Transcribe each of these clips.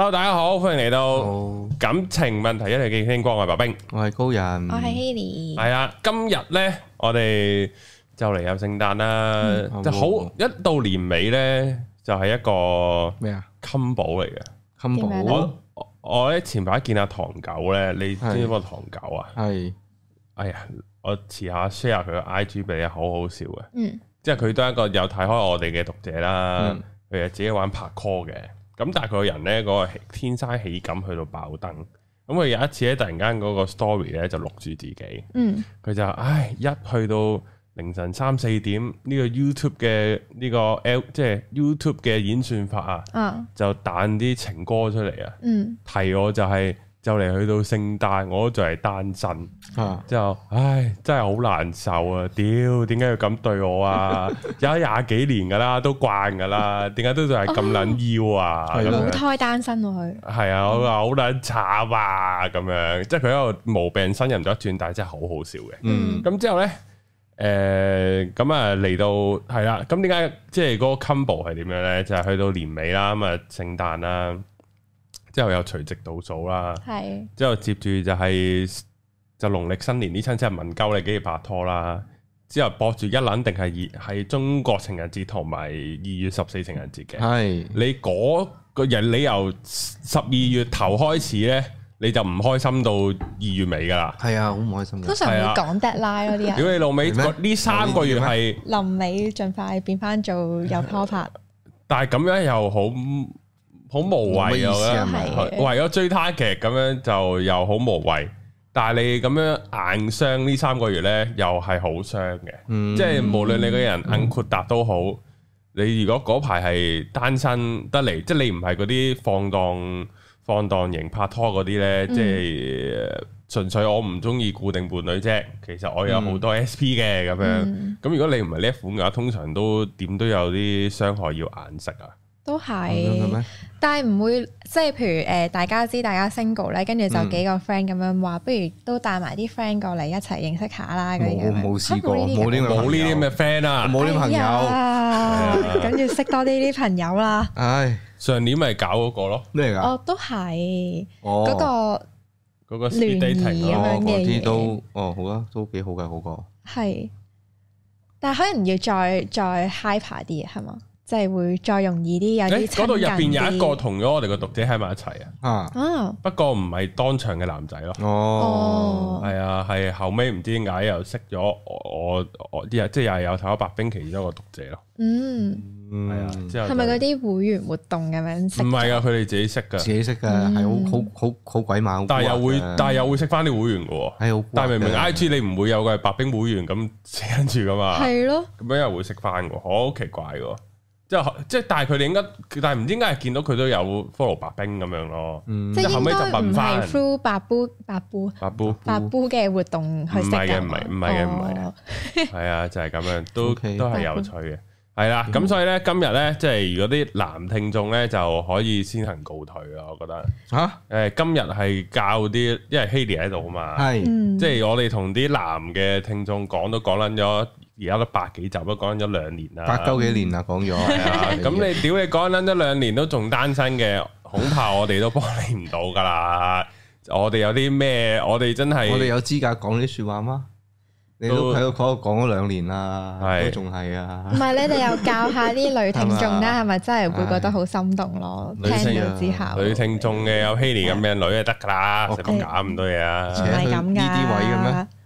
Hello 大家好，歡迎嚟到 Hello. 感情問題一齊傾天光。我係白兵，我係高人，我係 Hailee。係啊，今日咧，我哋就嚟有聖誕啦。嗯、好好就好一到年尾咧，就係、是、一個咩啊 combo 嚟嘅 combo。我我咧前排見阿唐狗咧，你知唔知乜唐狗啊？係，哎呀，我遲下 share 佢嘅 IG 俾你，好好笑嘅。嗯，即係佢都係一個有睇開我哋嘅讀者啦。佢又、嗯、自己玩 Parkour 嘅。咁但係佢個人咧，嗰個天生喜感去到爆燈。咁佢有一次咧，突然間嗰個 story 咧就錄住自己，佢、嗯、就唉一去到凌晨三四點，呢個 YouTube 嘅呢個 L 即係 YouTube 嘅演算法啊，啊就彈啲情歌出嚟啊，嗯、提我就係。就嚟去到聖誕，我都仲係單身，啊、之後，唉，真係好難受啊！屌，點解要咁對我啊？ 有廿幾年噶啦，都慣噶啦，點解都仲係咁撚腰啊？好、哦、胎單身咯。佢係啊，我話好撚慘啊，咁、嗯啊、樣，即係佢喺度無病呻吟咗一轉，但係真係好好笑嘅。咁、嗯、之後咧，誒、呃，咁啊嚟到係啦，咁點解即係個 combo 係點樣咧？就係、是、去到年尾啦，咁啊聖誕啦。之後又垂直倒數啦，係之後接住就係就農曆新年啲親戚問鳩你幾時拍拖啦，之後博住一捻定係二係中國情人節同埋二月十四情人節嘅。係你嗰個人，你由十二月頭開始咧，你就唔開心到二月尾噶啦。係啊，好唔開心。通常會講 deadline 嗰啲人。屌你老味，呢三個月係臨尾盡快變翻做有拖拍，但係咁樣又好。好無謂啊！我為咗追他劇咁樣就又好無謂。但係你咁樣硬傷呢三個月呢，又係好傷嘅。嗯、即係無論你個人硬豁達都好，嗯、你如果嗰排係單身得嚟，即係你唔係嗰啲放蕩放蕩型拍拖嗰啲呢，即係純粹我唔中意固定伴侶啫。其實我有好多 SP S P 嘅咁樣。咁、嗯嗯、如果你唔係呢款嘅話，通常都點都有啲傷害要硬食啊。都係，嗯、但係唔會即係譬如誒，大家知大家 single 咧，跟住就幾個 friend 咁樣話，不如都帶埋啲 friend 過嚟一齊認識下啦咁樣。冇冇試過，冇呢啲冇咁嘅 friend 啊，冇啲朋友，跟住識多呢啲朋友啦。唉，上年咪搞嗰個咯，咩嚟㗎？哦，都係，嗰個嗰個 speed dating 都哦好啦，都幾好嘅好過。係，但係可能要再再 hyper 啲嘅係嘛？即係會再容易啲，有啲嗰度入邊有一個同咗我哋個讀者喺埋一齊啊！不過唔係當場嘅男仔咯。哦，係啊，係後尾唔知點解又識咗我啲我即係、就是、又係有睇白兵其中一個讀者咯。嗯，係啊、嗯，之後係咪嗰啲會員活動咁樣識？唔係啊，佢、哦、哋、啊哦、自己識噶，自己識噶，係好好好好鬼馬，但係又會但係又會識翻啲會員噶。係好，但係明明 IG 你唔會有嘅白兵會員咁識跟住噶嘛。係咯，咁的樣又會識翻噶，好奇怪噶。即係即係，但係佢哋應該，但係唔應該係見到佢都有 follow 白兵咁樣咯。即係後尾就問翻。唔係 Through 白布白布白布白布嘅活動。唔係嘅，唔係唔係嘅，唔係。係啊，就係咁樣，都都係有趣嘅。係啦，咁所以咧，今日咧，即係如果啲男聽眾咧，就可以先行告退咯。我覺得嚇誒，今日係教啲，因為 Hailee 喺度啊嘛，係即係我哋同啲男嘅聽眾講都講撚咗。而家都百幾集都講咗兩年啦，百九幾年啦講咗，咁你屌你講緊咗兩年都仲單身嘅，恐怕我哋都幫你唔到㗎啦。我哋有啲咩？我哋真係我哋有資格講呢啲説話嗎？你都喺度講咗兩年啦，都仲係啊。唔係你哋又教下啲女聽眾啦，係咪真係會覺得好心動咯？聽咗之後，女聽眾嘅有 Hailee 咁嘅女就得㗎，使唔使揀咁多嘢啊？唔係咁㗎，呢啲位嘅咩？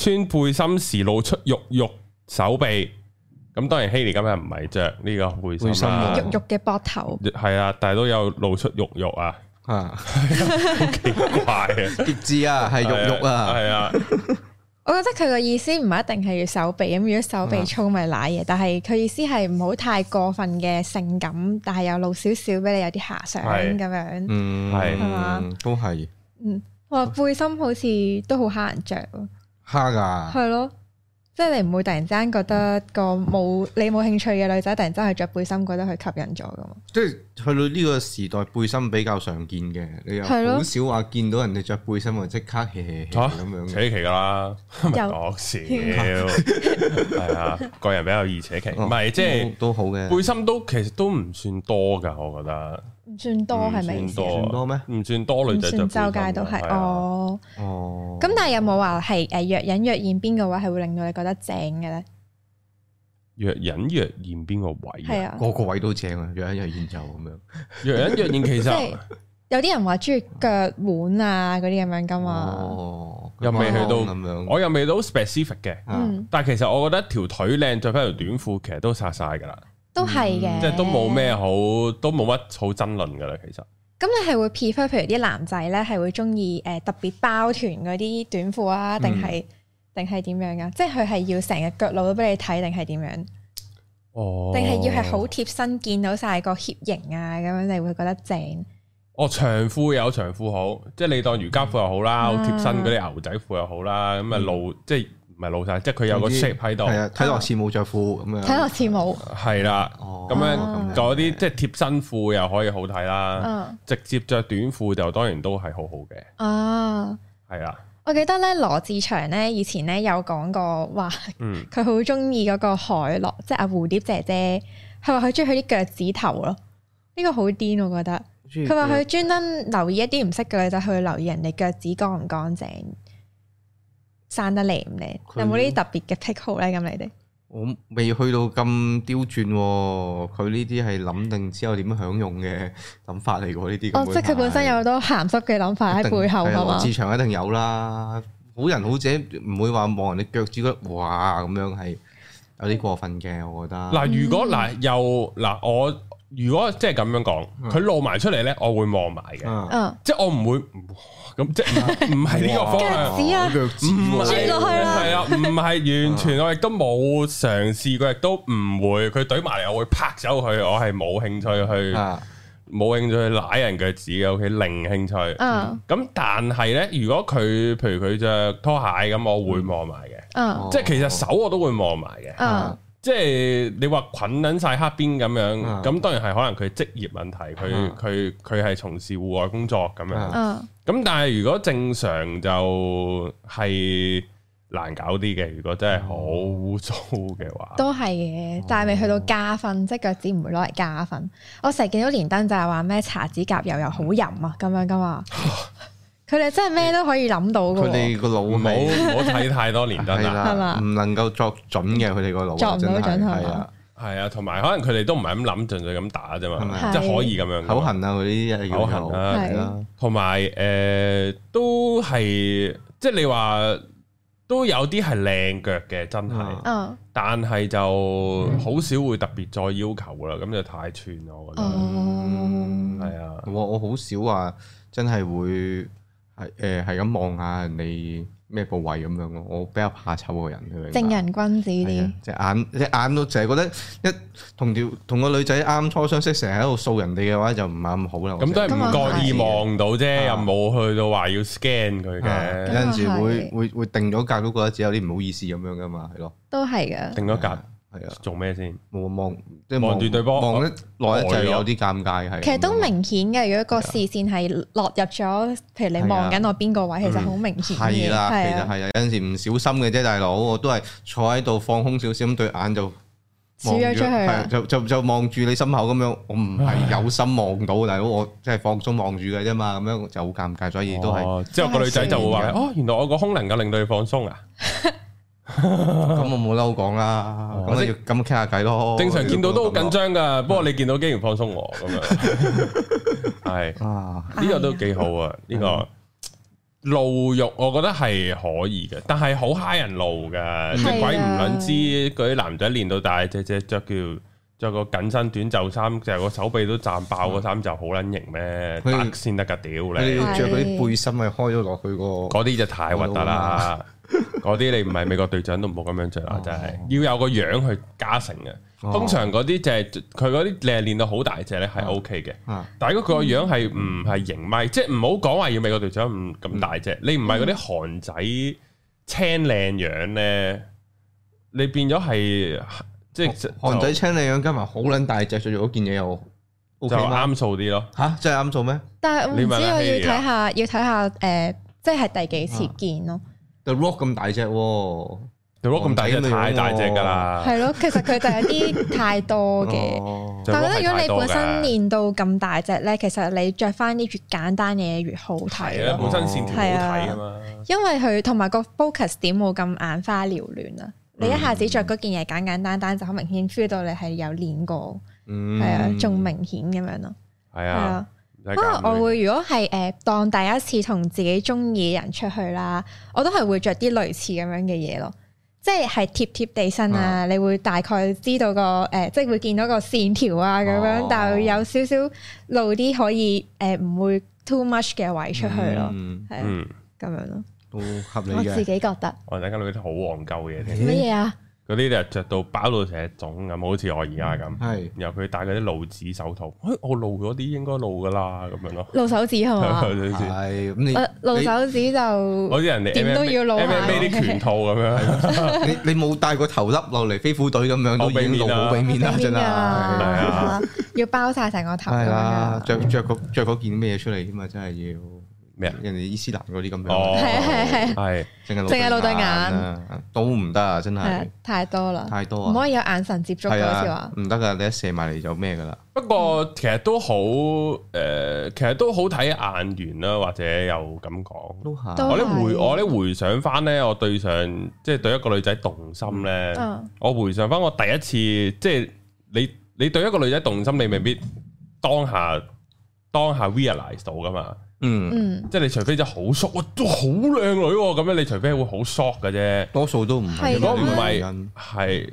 穿背心時露出肉肉手臂，咁當然 Hailee 今日唔係着呢個背心啊，心肉肉嘅膊頭係啊，但係都有露出肉肉啊，啊，好奇 怪啊，極致啊係肉肉啊，係啊，啊 我覺得佢個意思唔係一定係要手臂，咁如果手臂粗咪瀨嘢，嗯、但係佢意思係唔好太過分嘅性感，但係又露少少俾你有啲遐想咁是樣，嗯係係嘛都係，嗯，話背心好似都好吓人着。哈噶，係咯，即係你唔會突然之間覺得個冇你冇興趣嘅女仔突然之間係着背心，覺得佢吸引咗噶嘛？即係去到呢個時代，背心比較常見嘅，你又好少話見到人哋着背心咪即刻 hea 咁，啊，樣扯旗噶啦，唔係講笑，係啊，個人比較易扯旗。唔係，哦，即係都好嘅，背心都其實都唔算多噶，我覺得。唔算多係咪？唔算多咩？唔算多女仔就周街都係哦。哦。咁但係有冇話係誒若隱若現邊個位係會令到你覺得正嘅咧？若隱若現邊個位？係啊。個個位都正啊！若隱若現就咁樣。若隱若現其實有啲人話鍾意腳腕啊嗰啲咁樣㗎嘛。哦。又未去到咁樣。我又未到 specific 嘅。嗯。但係其實我覺得條腿靚，着翻條短褲其實都殺晒㗎啦。都係嘅、嗯，即係都冇咩好，都冇乜好爭論噶啦，其實。咁你係會 prefer 譬如啲男仔咧係會中意誒特別包臀嗰啲短褲啊，定係定係點樣噶？即係佢係要成日腳露咗俾你睇，定係點樣？哦。定係要係好貼身見到晒個 hip 型啊，咁樣你會覺得正？哦，長褲有長褲好，即係你當瑜伽褲又好啦，好、嗯、貼身嗰啲牛仔褲又好啦，咁啊露即係。嗯唔係露曬，即係佢有個 shape 喺度，睇落似冇着褲咁樣，睇落似冇，係啦，咁樣仲有啲即係貼身褲又可以好睇啦，直接着短褲就當然都係好好嘅。啊，係啊，我記得咧，羅志祥咧以前咧有講過話，佢好中意嗰個海樂，即係阿蝴蝶姐姐，佢話佢中意佢啲腳趾頭咯，呢個好癲我覺得。佢話佢專登留意一啲唔識嘅女仔，去留意人哋腳趾乾唔乾淨。生得靚唔靚？有冇啲特別嘅癖好咧？咁你哋我未去到咁刁鑽，佢呢啲係諗定之後點樣享用嘅諗法嚟嘅呢啲。哦，即係佢本身有好多鹹濕嘅諗法喺背後㗎嘛。市場一,一定有啦，好人好姐唔會話望人哋腳趾骨哇，咁樣係有啲過分嘅，我覺得。嗱、嗯，如果嗱、呃、又嗱、呃、我。如果即係咁樣講，佢露埋出嚟咧，我會望埋嘅，即係我唔會咁，即係唔係呢個方向，唔係落去，係啊，唔係完全，我亦都冇嘗試過，亦都唔會。佢懟埋嚟，我會拍走佢，我係冇興趣去，冇興趣去舐人腳趾嘅，OK，零興趣。咁但係咧，如果佢譬如佢着拖鞋咁，我會望埋嘅，即係其實手我都會望埋嘅。即係你話滾撚晒黑邊咁樣，咁、嗯、當然係可能佢職業問題，佢佢佢係從事戶外工作咁樣。咁、嗯、但係如果正常就係難搞啲嘅，如果真係好污糟嘅話，都係嘅。但係未去到加分，哦、即係腳趾唔會攞嚟加分。我成日見到連登就係話咩搽指甲油又好飲啊咁的樣噶嘛。 佢哋真係咩都可以諗到嘅，佢哋個腦冇冇睇太多年得啦，係唔能夠作準嘅，佢哋個腦作準嘅，真係係啊，係啊，同埋可能佢哋都唔係咁諗，盡量咁打啫嘛，即係可以咁樣口痕啊嗰啲要求啦，同埋誒都係即係你話都有啲係靚腳嘅，真係，但係就好少會特別再要求啦，咁就太寸我覺得，係啊，我我好少話真係會。係誒，係咁望下人哋咩部位咁樣咯。我比較怕醜個人，正人君子啲，隻眼隻眼都淨係覺得一同條同個女仔啱初相識，成日喺度掃人哋嘅話，就唔係咁好啦。咁、嗯、都係唔覺意望到啫，又冇去到話要 scan 佢嘅。跟住會會定咗格都覺得自己有啲唔好意思咁樣噶嘛，係咯。都係嘅。定咗格。嗯係啊，做咩先？望望住對方望得耐咧，就有啲尷尬係、呃啊、其實都明顯嘅，如果個視線係落入咗，譬如你望緊我邊個位，啊、其實好明顯係啊，嗯、啊啊其實係啊，有陣時唔小心嘅啫，大佬，我都係坐喺度放空少少，咁對眼就望咗出去、啊啊，就就望住你心口咁樣。我唔係有心望到，但係我即係放鬆望住嘅啫嘛。咁樣就好尷尬，所以都係。之後個女仔就會話：哦，原來我個胸能夠令到你放鬆啊！咁我冇嬲講啦，咁你要咁傾下偈咯。正常見到都好緊張噶，不過你見到竟然放鬆我咁樣，係呢個都幾好啊。呢個露肉我覺得係可以嘅，但係好吓人露噶，鬼唔卵知嗰啲男仔練到大隻只着叫着個緊身短袖衫，成個手臂都脹爆，個衫就好卵型咩？得先得噶屌你！着嗰啲背心咪開咗落去個，嗰啲就太核突啦。嗰啲你唔係美國隊長都唔好咁樣着啦，真係要有個樣去加成嘅。通常嗰啲就係佢嗰啲靚練到好大隻咧係 O K 嘅，但係如果佢個樣係唔係型咪，即係唔好講話要美國隊長唔咁大隻，你唔係嗰啲韓仔青靚樣咧，你變咗係即係韓仔青靚樣，加埋好撚大隻，最用嗰件嘢又就啱數啲咯。吓，真係啱數咩？但係唔知我要睇下，要睇下誒，即係係第幾次見咯？rock 咁大隻喎，rock 咁大隻，rock 大隻太大隻噶啦，係咯， 其實佢就有啲太多嘅， 但係覺得如果你本身練到咁大隻咧，其實你着翻啲越簡單嘅嘢越好睇，本身線條好睇啊嘛，因為佢同埋個 focus 點冇咁眼花撩亂啊，嗯、你一下子着嗰件嘢簡簡單單，單就好明顯 feel 到你係有練過，係啊、嗯，仲明顯咁樣咯，係啊的。啊！可能我會如果係誒，當第一次同自己中意嘅人出去啦，我都係會着啲類似咁樣嘅嘢咯，即係係貼貼地身啊，嗯、你會大概知道個誒、呃，即係會見到個線條啊咁樣，但係有少少露啲可以誒，呃、唔會 too much 嘅位出去咯，係啊，咁樣咯，都合理嘅，我自己覺得，我大家女啲好憨鳩嘅嘢。咩嘢啊？ 嗰啲就着到包到成一腫咁，好似我而家咁。係，然後佢戴嗰啲露指手套，哎，我露咗啲應該露噶啦咁樣咯，露手指係嘛？係咁你露手指就我知人哋點都要露。MMA 啲拳套咁樣，你冇戴個頭笠落嚟，飛虎隊咁樣都已經露好俾面啦，真係。要包晒成個頭。係啦，著著嗰著件咩嘢出嚟添嘛？真係要。咩？人哋伊斯蘭嗰啲咁樣，係啊係係，係淨係淨係露對眼都唔得啊！真係太多啦，太多，唔可以有眼神接觸咁樣。唔得噶，你一射埋嚟就咩噶啦？不過其實都好誒，其實都好睇眼緣啦，或者又咁講都係。我啲回我啲回想翻咧，我對上即係對一個女仔動心咧，我回想翻我第一次即係你你對一個女仔動心，你未必當下當下 realize 到噶嘛。嗯，即係你除非就好索都好靚女咁樣，你除非會好索嘅啫，多數都唔係。如果唔係，係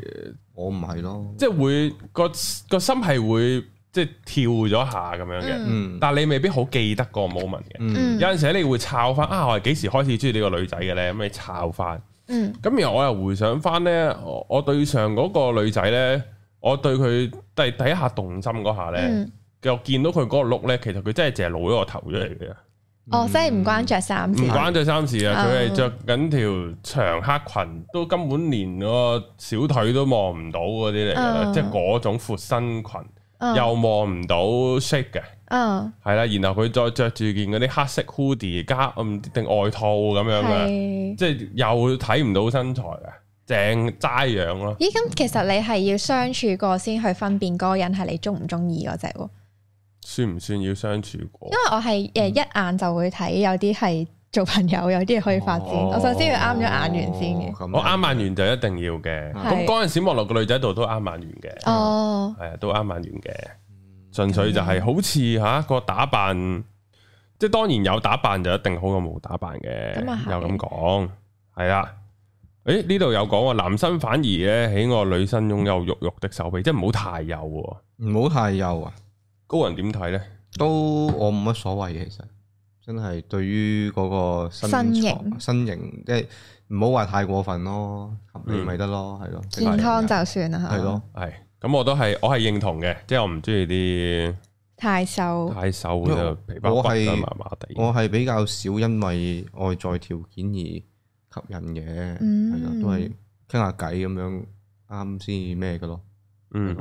我唔係咯，是咯即係會個個心係會即係跳咗下咁樣嘅。嗯、但係你未必好記得個 moment 嘅。嗯、有陣時你會抄翻啊，我係幾時開始中意呢個女仔嘅咧？咁你抄翻。嗯，咁然後我又回想翻咧，我對上嗰個女仔咧，我對佢第第一下動心嗰下咧。嗯又見到佢嗰個 look 咧，其實佢真係淨係露咗個頭出嚟嘅。哦，嗯、即係唔關着衫，唔關着衫事啊！佢係着緊條長黑裙，都根本連個小腿都望唔到嗰啲嚟㗎啦，即係嗰種闊身裙，哦、又望唔到 shape 嘅、哦。嗯，係啦，然後佢再着住件嗰啲黑色 hoodie 加定外套咁樣嘅，即係是又睇唔到身材嘅，正齋樣咯。咦，咁正其實你係要相處過先去分辨嗰個人係你鍾唔鍾意嗰隻喎？算唔算要相處過？因為我係誒一眼就會睇，有啲係做朋友，有啲嘢可以發展。我首先要啱咗眼緣先嘅。我啱眼緣就一定要嘅。咁嗰陣時望落個女仔度都啱眼緣嘅。哦，係啊，都啱眼緣嘅。純粹就係好似吓個打扮，即係當然有打扮就一定好過冇打扮嘅。咁又咁講係啊。誒，呢度有講話，男生反而咧喜我女生擁有肉肉的手臂，即係唔好太幼，唔好太幼啊。高人點睇咧？都我冇乜所謂嘅，其實真係對於嗰個身形，身形即係唔好話太過分咯，合理咪得咯，係咯。健康就算啦嚇。係咯，係咁我都係我係認同嘅，即係我唔中意啲太瘦。太瘦就皮包骨啦，麻麻地。我係比較少因為外在條件而吸引嘅，係啦，都係傾下偈咁樣啱先咩嘅咯。嗯，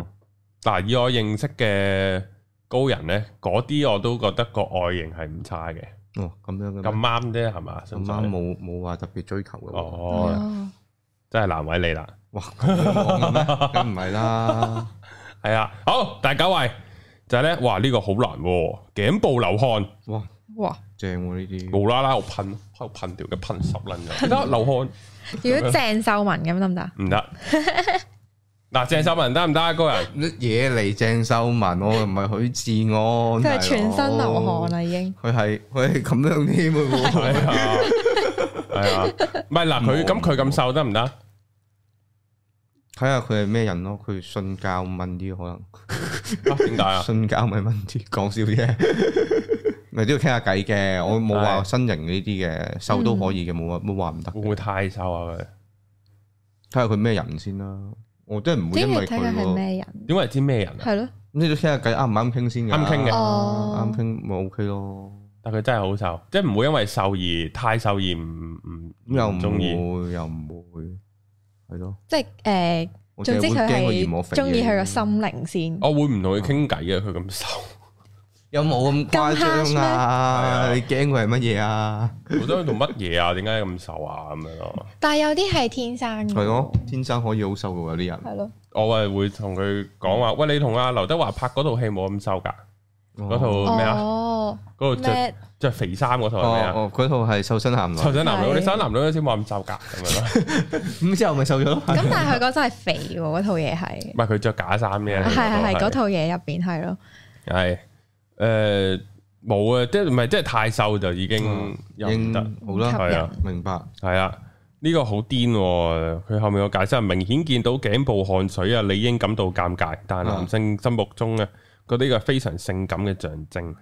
但，以我認識嘅。高人咧，嗰啲我都覺得個外形係唔差嘅。哦，咁樣咁啱啫，係嘛？咁啱冇冇話特別追求嘅喎。哦，真係難為你啦。哇，梗唔係啦。係啊，好，第九位就係咧。哇，呢個好難喎。頸部流汗。哇哇，正喎呢啲。無啦啦，我噴，喺度噴條嘅，噴十輪又得流汗。如果鄭秀文咁樣得唔得？嗱鄭秀文得唔得啊？個人，惹嚟鄭秀文，我唔係許志安。即係全身流汗啦，已經。佢係佢係咁樣添啊！會唔會？係啊，唔係嗱，佢咁佢咁瘦得唔得？睇下佢係咩人咯。佢信教問啲，可能，點解啊？信教咪問啲，講笑啫。咪都要傾下偈嘅。我冇話身形呢啲嘅，瘦都可以嘅，冇乜冇話唔得。會唔會太瘦啊？佢睇下佢咩人先啦。我真係唔會因為睇佢係咩人，點解知咩人啊？係咯了，咁你都傾下偈，啱唔啱傾先，啊？啱傾嘅，啱傾咪 OK 咯。但係佢真係好瘦，即係唔會因為瘦而太瘦而唔唔咁又唔中意，又唔會係咯。即係誒，呃、總之佢係中意佢個心靈先。我會唔同佢傾偈嘅，佢咁瘦。有冇咁誇張啊？你驚佢係乜嘢啊？佢想做乜嘢啊？點解咁瘦啊？咁樣咯。但係有啲係天生嘅。係咯，天生可以好瘦嘅喎，有啲人。係咯。我係會同佢講話，喂，你同阿劉德華拍嗰套戲冇咁瘦噶嗰套咩啊？哦。嗰套着着肥衫嗰套係咩啊？哦哦，嗰套係瘦身男女。瘦身男女，你瘦身男女先冇咁瘦噶咁樣咯。咁之後咪瘦咗咯。咁但係佢嗰真係肥喎，嗰套嘢係。唔係佢着假衫嘅。係係係，嗰套嘢入邊係咯。係。誒，冇啊、呃，即係唔係，即係太瘦就已經又唔得，嗯、好啦，係啊了，引明白，係、這個、啊，呢個好癲，佢後面個解釋啊，明顯見到頸部汗水啊，理應感到尷尬，但係男性心目中啊，覺得呢個非常性感嘅象徵。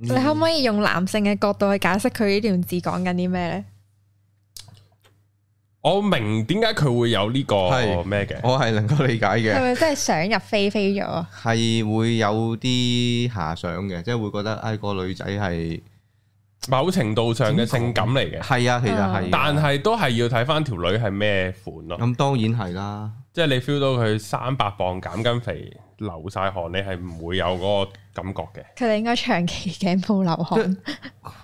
嗯、你可唔可以用男性嘅角度去解釋佢呢段字講緊啲咩咧？我明點解佢會有呢、這個咩嘅，是我係能夠理解嘅。係咪真係想入非非咗？係 會有啲遐想嘅，即、就、係、是、會覺得，唉、哎，那個女仔係某程度上嘅性感嚟嘅。係、嗯、啊，其實係、啊，但係都係要睇翻條女係咩款咯。咁、嗯、當然係啦，即係你 feel 到佢三百磅減緊肥。流曬汗，你係唔會有嗰個感覺嘅。佢哋應該長期頸部流汗。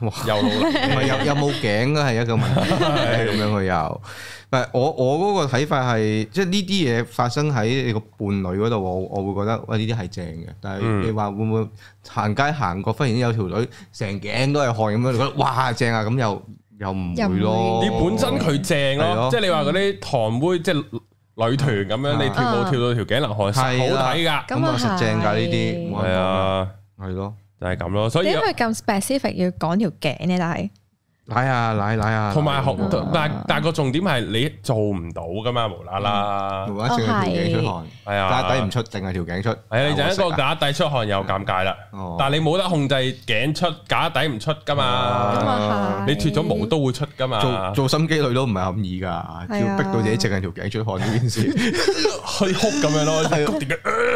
哇！又唔係有有冇頸都係一個問題。咁樣佢又，但係我我嗰個睇法係，即係呢啲嘢發生喺你個伴侶嗰度，我我會覺得哇呢啲係正嘅。但係你話會唔會行街行過忽然有條女成頸都係汗咁樣，覺得哇正啊！咁又又唔會咯。你本身佢正咯，即係你話嗰啲堂妹即係。女團咁樣、啊、你跳舞跳到條頸流汗，實是好睇㗎，咁啊實正㗎呢啲，係啊，係咯，這就係咁咯，所以你係咁 specific 要講條頸呢啲。奶啊奶奶啊，同埋學但但個重點係你做唔到噶嘛，無啦啦無啦聲嘅條頸出汗，係啊底唔出，淨係條頸出，係啊你就一個假底出汗又尷尬啦，但係你冇得控制頸出假底唔出噶嘛，你脱咗毛都會出噶嘛，做做心機女都唔係咁易噶，要逼到自己淨係條頸出汗呢件事，去哭咁樣咯，係焗點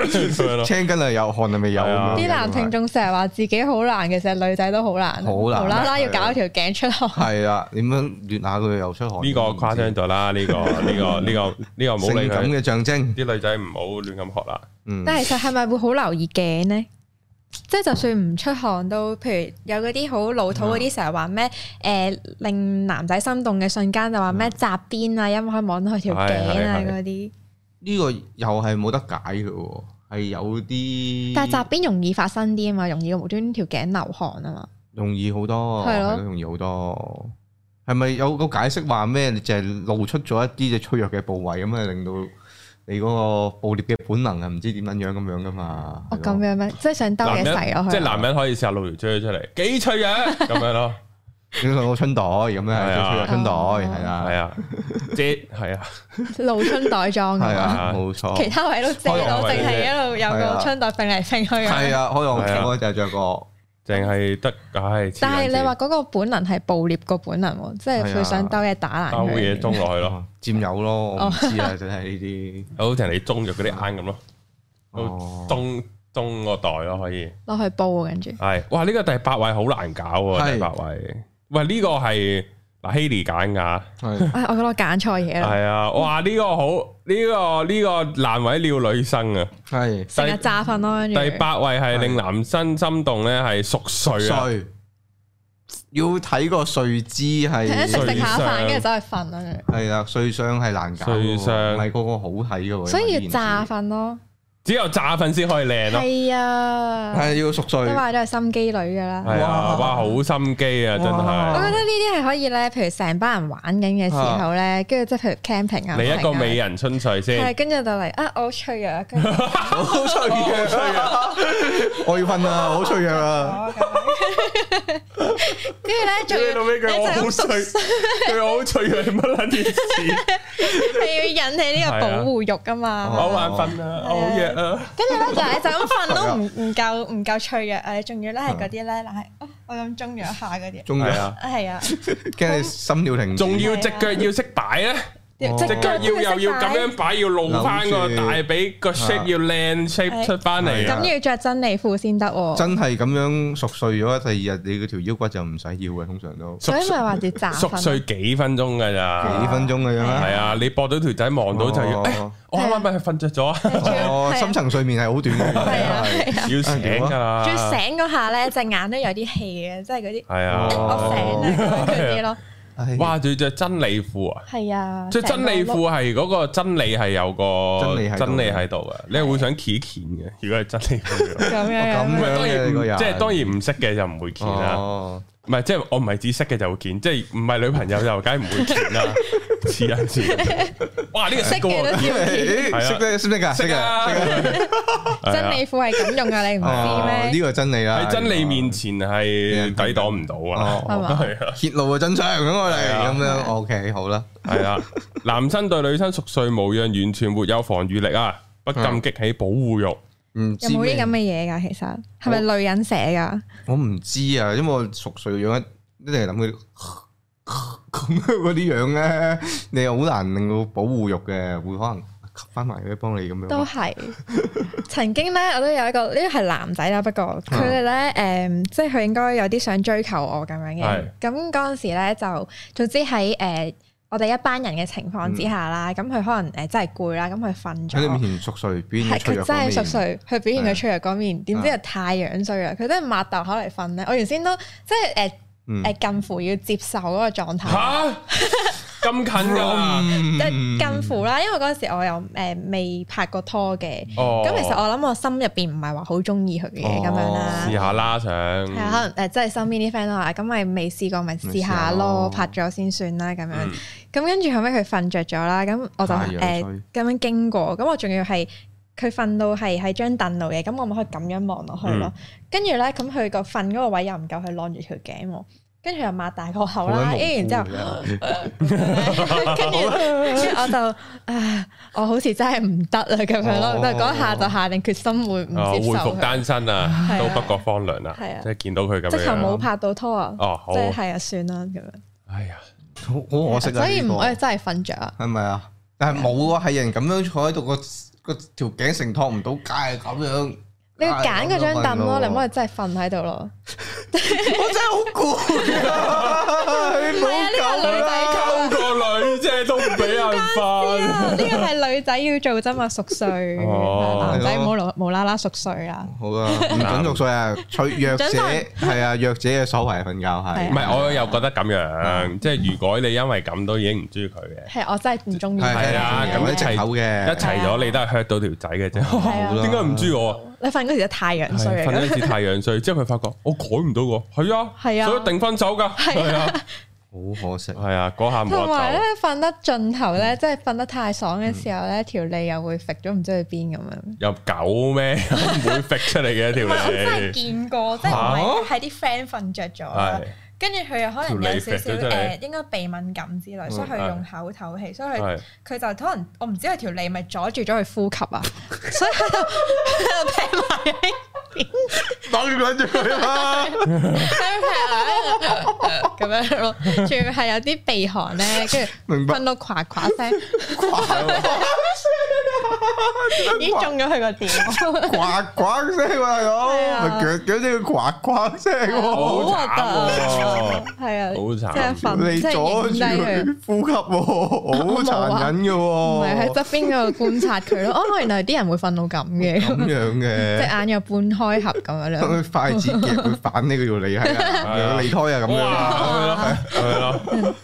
嘅，青筋啊有汗係咪有，啲男聽眾成日話自己好難其實女仔都好難，無啦啦要搞條頸出汗。係啦，點 樣暖下佢又出汗？呢個誇張咗啦，呢、這個呢、 這個呢、這個呢、這個冇、這個這個、理。咁嘅象徵，啲女仔唔好亂咁學啦。嗯。但係其實係咪會好留意頸呢？即係 就算唔出汗都，譬如有嗰啲好老土嗰啲，成日話咩誒令男仔心動嘅瞬間就話咩紮邊啊，因一開望到佢條頸啊嗰啲。呢個又係冇得解嘅喎，係有啲。但係紮邊容易發生啲啊嘛，容易無端條頸流汗啊嘛。容易好多，都容易好多。係咪有個解釋話咩？就係露出咗一啲嘅脆弱嘅部位咁啊，令到你嗰個捕獵嘅本能係唔知點樣樣咁樣噶嘛？哦咁樣咩？即係想兜嘅勢啊！即係男人可以試下露條脹出嚟，幾脆弱咁樣咯。你睇我春袋咁樣啊，春袋係啊係啊，即係啊，露春袋裝啊，冇錯。其他位都遮到，淨係一路有個春袋並嚟並去。係啊，可能我平，就係著過。淨係得，唉！但係你話嗰個本能係捕獵個本能，即係佢想兜嘢打爛，兜嘢中落去咯，佔有咯，我唔知啊，就係呢啲，好似人哋中藥嗰啲罌咁咯，中中個袋咯，可以攞去煲啊，跟住係，哇！呢個第八位好難搞，第八位喂，呢個係。嗱，Haley 揀㗎，係，是哎，我覺得我揀錯嘢啦，係啊，哇，呢、這個好，呢、這個呢、這個難為了女生啊，係是，成日第詐瞓咯、啊，第八位係令男生心動咧、啊，係熟睡，睡，要睇個睡姿係，食食下飯跟住走去瞓咯，係啦、啊，睡相係難搞，睡相，唔係個個好睇嘅。所以要詐瞓咯、啊。只有炸粉先可以靚咯，係啊，係要熟碎，都話都係心機女噶啦，係啊，哇，好心機啊，真係。我覺得呢啲係可以咧，譬如成班人玩緊嘅時候咧，跟住即係譬如 camping 啊，嚟一個美人春睡先，係，跟住就嚟啊，我脆弱，我好脆弱，我要瞓啦，好脆弱啊，跟住咧，做老尾叫我好脆！佢好脆弱係乜捻住，係要引起呢個保護欲噶嘛？我好眼瞓啦，我好嘢！跟住咧就係就咁瞓都唔唔、嗯、夠唔 夠，夠脆弱，誒仲要咧係嗰啲咧嗱，係我諗中藥下嗰啲中藥啊，係啊、嗯，跟住 心跳停，仲要隻腳要識擺咧。隻腳要又要咁樣擺，要露翻個大髀，個 shape 要靚，shape 出翻嚟啊！咁要着真理褲先得喎。真係咁樣熟睡咗，第二日你個條腰骨就唔使要啊，通常都。所以咪話要扎。熟睡幾分鐘㗎咋？幾分鐘㗎啫。係啊，你播到條仔望到就要。我啱啱唔係瞓着咗啊？深層睡眠係好短㗎。係啊，要醒㗎啦。最醒嗰下咧，隻眼都有啲氣嘅，即係嗰啲。係啊。我醒啦，啲咯。哇！仲要着真理褲啊，係啊，即係真理褲係嗰個真理係有個真理喺度啊，的你係會想揭掀嘅，如果係真理褲咁 樣，咁、 哦、樣即、啊、係當然唔識嘅就唔、是、會揭啦。哦。唔係，即係我唔係只識嘅就見，即係唔係女朋友就梗唔會見啦。似啊似，哇呢個識嘅，識咩？識咩噶？識啊！真理褲係咁用噶，你唔知咩？呢個真理啊！喺真理面前係抵擋唔到啊！係啊！揭露嘅真相，咁我哋，咁樣，O K，好啦，係啊！男生對女生熟睡模樣完全沒有防禦力啊！不禁激起保護欲。有冇啲咁嘅嘢噶？其實係咪女人寫噶？我唔知啊，因為我熟睡樣一一定諗佢咁樣嗰啲樣咧，你又好難令到保護欲嘅，會可能吸翻埋佢幫你咁樣。都係是 曾經咧，我都有一個呢個係男仔啦，不過佢哋咧，誒、嗯嗯，即係佢應該有啲想追求我咁樣嘅。咁嗰陣時咧就，總之喺誒。呃我哋一班人嘅情況之下啦，咁佢、嗯、可能誒真係攰啦，咁佢瞓咗佢面前熟睡邊？係真係熟睡，佢表現佢脆弱嗰面，點的知太樣衰啊！佢都係抹豆口嚟瞓咧。我原先都即係誒誒近乎要接受嗰個狀態。哈 咁近啊，即、嗯、近乎啦，因為嗰陣時我又誒未、呃、拍過拖嘅，咁、哦、其實我諗我心入邊唔係話好中意佢嘅咁樣、啊啊呃、啦。試下啦，想係啊，可能誒即係身邊啲 friend 咯，咁咪未試過咪試下咯，哦、拍咗先算啦咁樣。咁、嗯、跟住後尾佢瞓着咗啦，咁我就誒咁的、呃、樣經過，咁我仲要係佢瞓到係喺張凳度嘅，咁我咪可以咁樣望落去咯。嗯、跟住咧，咁佢個瞓嗰個位又唔夠佢攞住條頸喎。跟住又擘大個口啦，然之後，跟住，我就，唉，我好似真係唔得啦咁樣咯。但係嗰下就下定決心會唔恢復單身啊，都不過荒涼啦。係啊，即係見到佢咁樣，即係冇拍到拖啊。哦，即係係啊，算啦咁樣。哎呀，好可惜啊。所以唔可以真係瞓着啊。係咪啊？但係冇啊，係人咁樣坐喺度個個條頸承托唔到梗係咁樣。你要揀嗰張凳咯，你唔可以真係瞓喺度咯。我真係好攰啊！你冇救啦，溝個女啫都唔俾人瞓。呢個係女仔要做啫嘛，熟睡男仔唔好冇啦啦熟睡啊，好啊，唔准熟睡啊，取弱者係啊，弱者嘅所謂瞓覺係，唔係，我又覺得咁樣，即係如果你因為咁都已經唔中意佢嘅，係我真係唔中意。係啊，咁一齊嘅一齊咗，你都係 hurt 到條仔嘅啫。點解唔中意我？你瞓嗰時太樣衰，瞓嗰時太樣衰，之後佢發覺。改唔到㗎，係啊，係啊，所以定分手噶，係啊，好可惜，係啊，嗰下冇。同埋咧，瞓得盡頭咧，即係瞓得太爽嘅時候咧，條脷又會甩咗，唔知去邊咁樣，有狗咩？唔會甩出嚟嘅條脷，我真係見過，即係喺啲 friend 瞓着咗。跟住佢又可能有少少誒，應該鼻敏感之類，所以佢用口唞氣，所以佢佢就可能我唔知佢條脷咪阻住咗佢呼吸啊，所以佢佢鼻敏感，擋住咗呀，咁樣咯，仲要係有啲鼻鼾咧，跟住瞓到啩啩聲，已經中咗佢個點，啩啩聲喎，係咪腳腳都要啩啩聲喎？好核突喎！係啊，oh, yes, like, dream, 即係是瞓，即係影低佢呼吸， 好殘忍噶。唔係喺側邊嗰度觀察佢咯。哦，原來啲人會瞓到咁嘅。咁樣嘅，即係眼有半開合咁樣樣。快捷嘅反呢個道理係啊，離開啊咁樣。係咯、啊，呢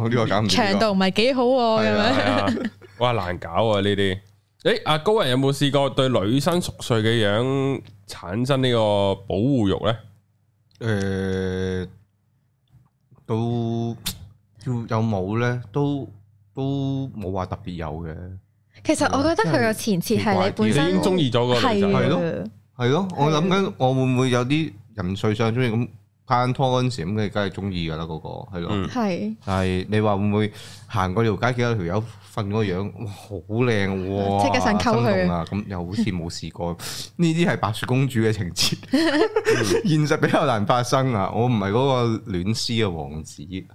個呢個搞唔。長度唔係幾好咁樣。哇，難搞啊呢啲。誒，阿、啊、高人有冇試過對女生熟睡嘅樣產生呢個保護慾咧？誒、嗯。都要有冇咧，都都冇話特別有嘅。其實我覺得佢嘅前設係你本身你已經中意咗個女仔，係咯，係咯。我諗緊，我會唔會有啲人碎上中意咁拍拖嗰陣時咁嘅，梗係中意㗎啦嗰個，係咯，係。但係你話會唔會行過條街幾多條友？個樣，哇，好靚喎！即刻想溝佢啊！咁又好似冇試過，呢啲係白雪公主嘅情節，現實比較難發生啊！我唔係嗰個戀屍嘅王子，即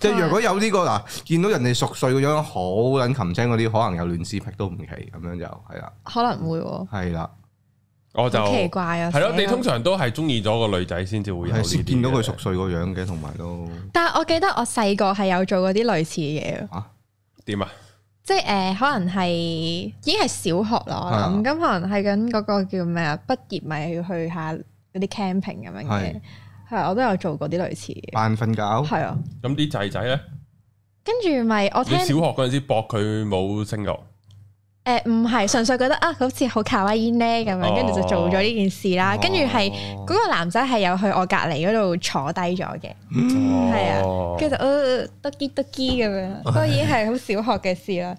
係若果有呢個嗱，見到人哋熟睡個樣好撚擒青嗰啲，可能有戀屍癖都唔奇，咁樣就係啦，可能會係啦，我就好奇怪啊！係咯，你通常都係中意咗個女仔先至會有，先見到佢熟睡個樣嘅，同埋都。但係我記得我細個係有做嗰啲類似嘅嘢啊，點啊？即係誒、呃，可能係已經係小學咯，我諗，咁係、啊、可能係緊嗰個叫咩啊？畢業咪要去下嗰啲 camping 咁樣嘅，係我都有做過啲類似嘅。扮瞓覺，係係啊那那。咁啲仔仔咧，跟住咪我聽你小學嗰陣時搏佢冇升學。誒唔係，純粹覺得啊，好似好卡哇伊咧咁樣，跟住就做咗呢件事啦。跟住係嗰個男仔係有去我隔離嗰度坐低咗嘅，係啊。跟住就啊，篤機篤機咁樣，已經係好小學嘅事啦。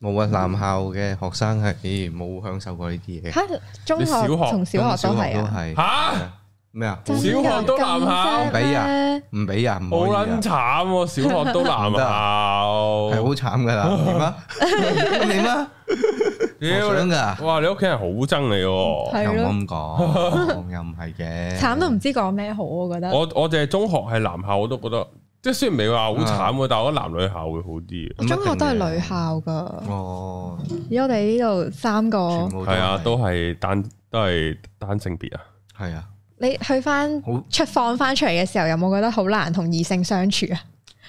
冇啊，男校嘅學生係冇享受過呢啲嘢。嚇，中學、從小學都係啊。咩啊？小學都男校，唔俾人，唔俾人，唔好捻慘。小學都男校係好慘噶啦，點啊？點啊？屌你噶！哇，你屋企人好憎你。又咁講，又唔係嘅。慘都唔知講咩好，我覺得。我我就係中學係男校，我都覺得即係雖然未話好慘，但係我覺得男女校會好啲。中學都係女校噶。哦。而家我哋呢度三個係啊，都係單都係單性別啊，係啊。你去翻出放翻出嚟嘅時候，有冇覺得好難同異性相處啊？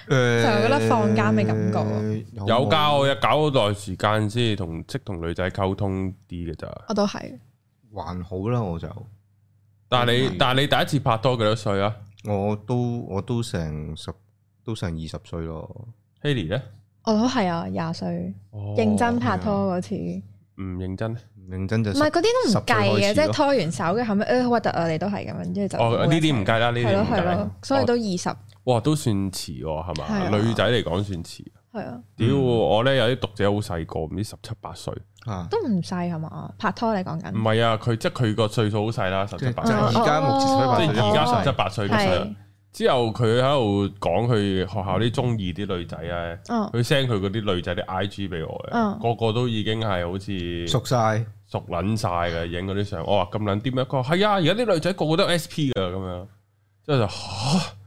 誒、欸，就我覺得放監嘅感覺。有㗎，搞咗耐時間先至同即同女仔溝通啲嘅咋。我都係，還好啦，我就。但係你為但係你第一次拍拖幾多歲啊？我都，都我都成十都成二十歲咯。Hailee 咧？我都係啊，廿歲。認真拍拖嗰次？唔的認真。認真就唔係嗰啲都唔計嘅，即係拖完手嘅，後尾，誒好核突啊！你都係咁樣，即係就哦呢啲唔計啦，呢啲唔計。係咯，所以都二十。哇，都算遲喎，係嘛？女仔嚟講算遲。係啊，屌我咧有啲讀者好細個，唔知十七八歲啊，都唔細係嘛？拍拖你講緊？唔係啊，佢即係佢個歲數好細啦，十七八歲。而家目前十七八而家十七八歲都算。之後佢喺度講佢學校啲中意啲女仔啊，佢 send 佢嗰啲女仔啲 I G 俾我嘅，個個都已經係好似熟晒。熟捻晒，嘅，影嗰啲相，我話咁捻癲咩？佢話係啊，而家啲女仔個，個個都有 S P 噶，咁樣，之後就，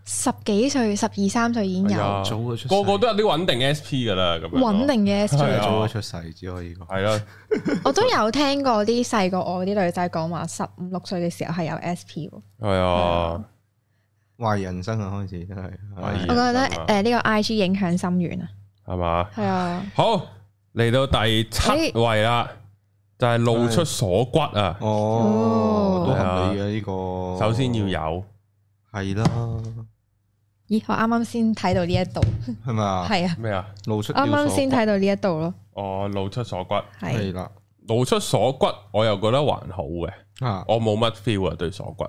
十幾歲、十二三歲已經有，哎、呀早個出，個個都有啲穩定 S P 噶啦，咁樣，穩定嘅 S P，啊、早個出世只可以，係啊， 我都有聽過啲細個我啲女仔講話，十五六歲嘅時候係有 SP S P，係啊，壞、啊、人生啊，開始真係，啊啊、我覺得誒呢個 I G 影響深遠吧啊，係嘛， 係啊，好嚟到第七位啦。就係露出鎖骨啊！哦，都合理嘅呢個。首先要有，係啦。咦？我啱啱先睇到呢一度，係咪啊？係啊。咩啊？露出啱啱先睇到呢一度咯。哦，露出鎖骨係啦。露出鎖骨，我又覺得還好嘅。啊，我冇乜 feel 啊，對鎖骨。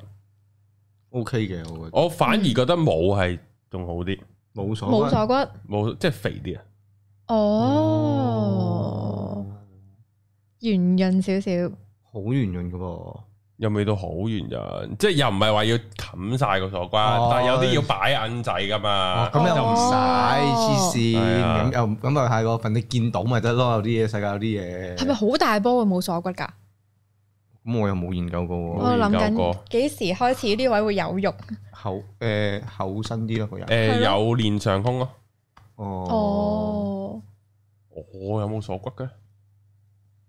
O K 嘅，我我反而覺得冇係仲好啲。冇鎖骨，冇即係肥啲啊。哦。圓潤少少，好圓潤噶噃，又未到好圓潤？即係又唔係話要冚晒個鎖骨，但係有啲要擺銀仔噶嘛？咁又唔使黐線，咁又咁又係嗰份，你見到咪得咯？有啲嘢，世界有啲嘢。係咪好大波啊？會冇鎖骨噶？咁我又冇研究過，我諗緊幾時開始呢位會有肉？厚誒，厚身啲咯，個人誒有練上胸咯。哦哦，我有冇鎖骨嘅？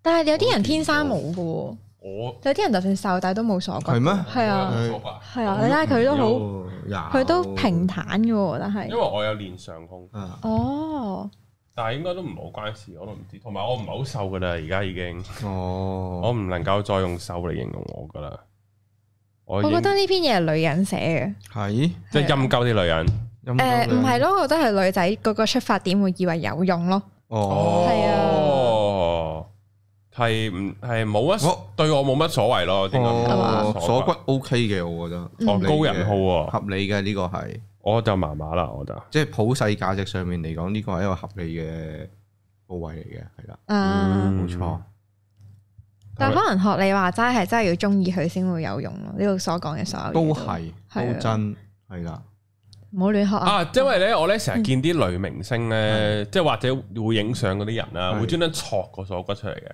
但係有啲人天生冇嘅，我有啲人就算瘦，但係都冇鎖骨，係咩？係啊，係啊，你睇下佢都好，佢都平坦嘅，但係因為我有練上胸，哦，但係應該都唔好關事，我都唔知。同埋我唔係好瘦嘅啦，而家已經，哦，我唔能夠再用瘦嚟形容我噶啦，我覺得呢篇嘢係女人寫嘅，係即係陰鳩啲女人，誒唔係咯，我覺得係女仔佢個出發點會以為有用咯，哦，係啊。係唔係冇乜所，對我冇乜所謂咯？哦，鎖骨 OK 嘅，我覺得高人好喎，合理嘅。合理嘅呢個係，我就麻麻啦，我覺得。即係普世價值上面嚟講，呢個係一個合理嘅部位嚟嘅，係啦，嗯，冇錯。但可能學你話齋，係真係要中意佢先會有用咯。呢個所講嘅所有都係，都真係啦。唔好亂學啊！因為咧，我咧成日見啲女明星咧，即係或者會影相嗰啲人啊，會專登戳個鎖骨出嚟嘅。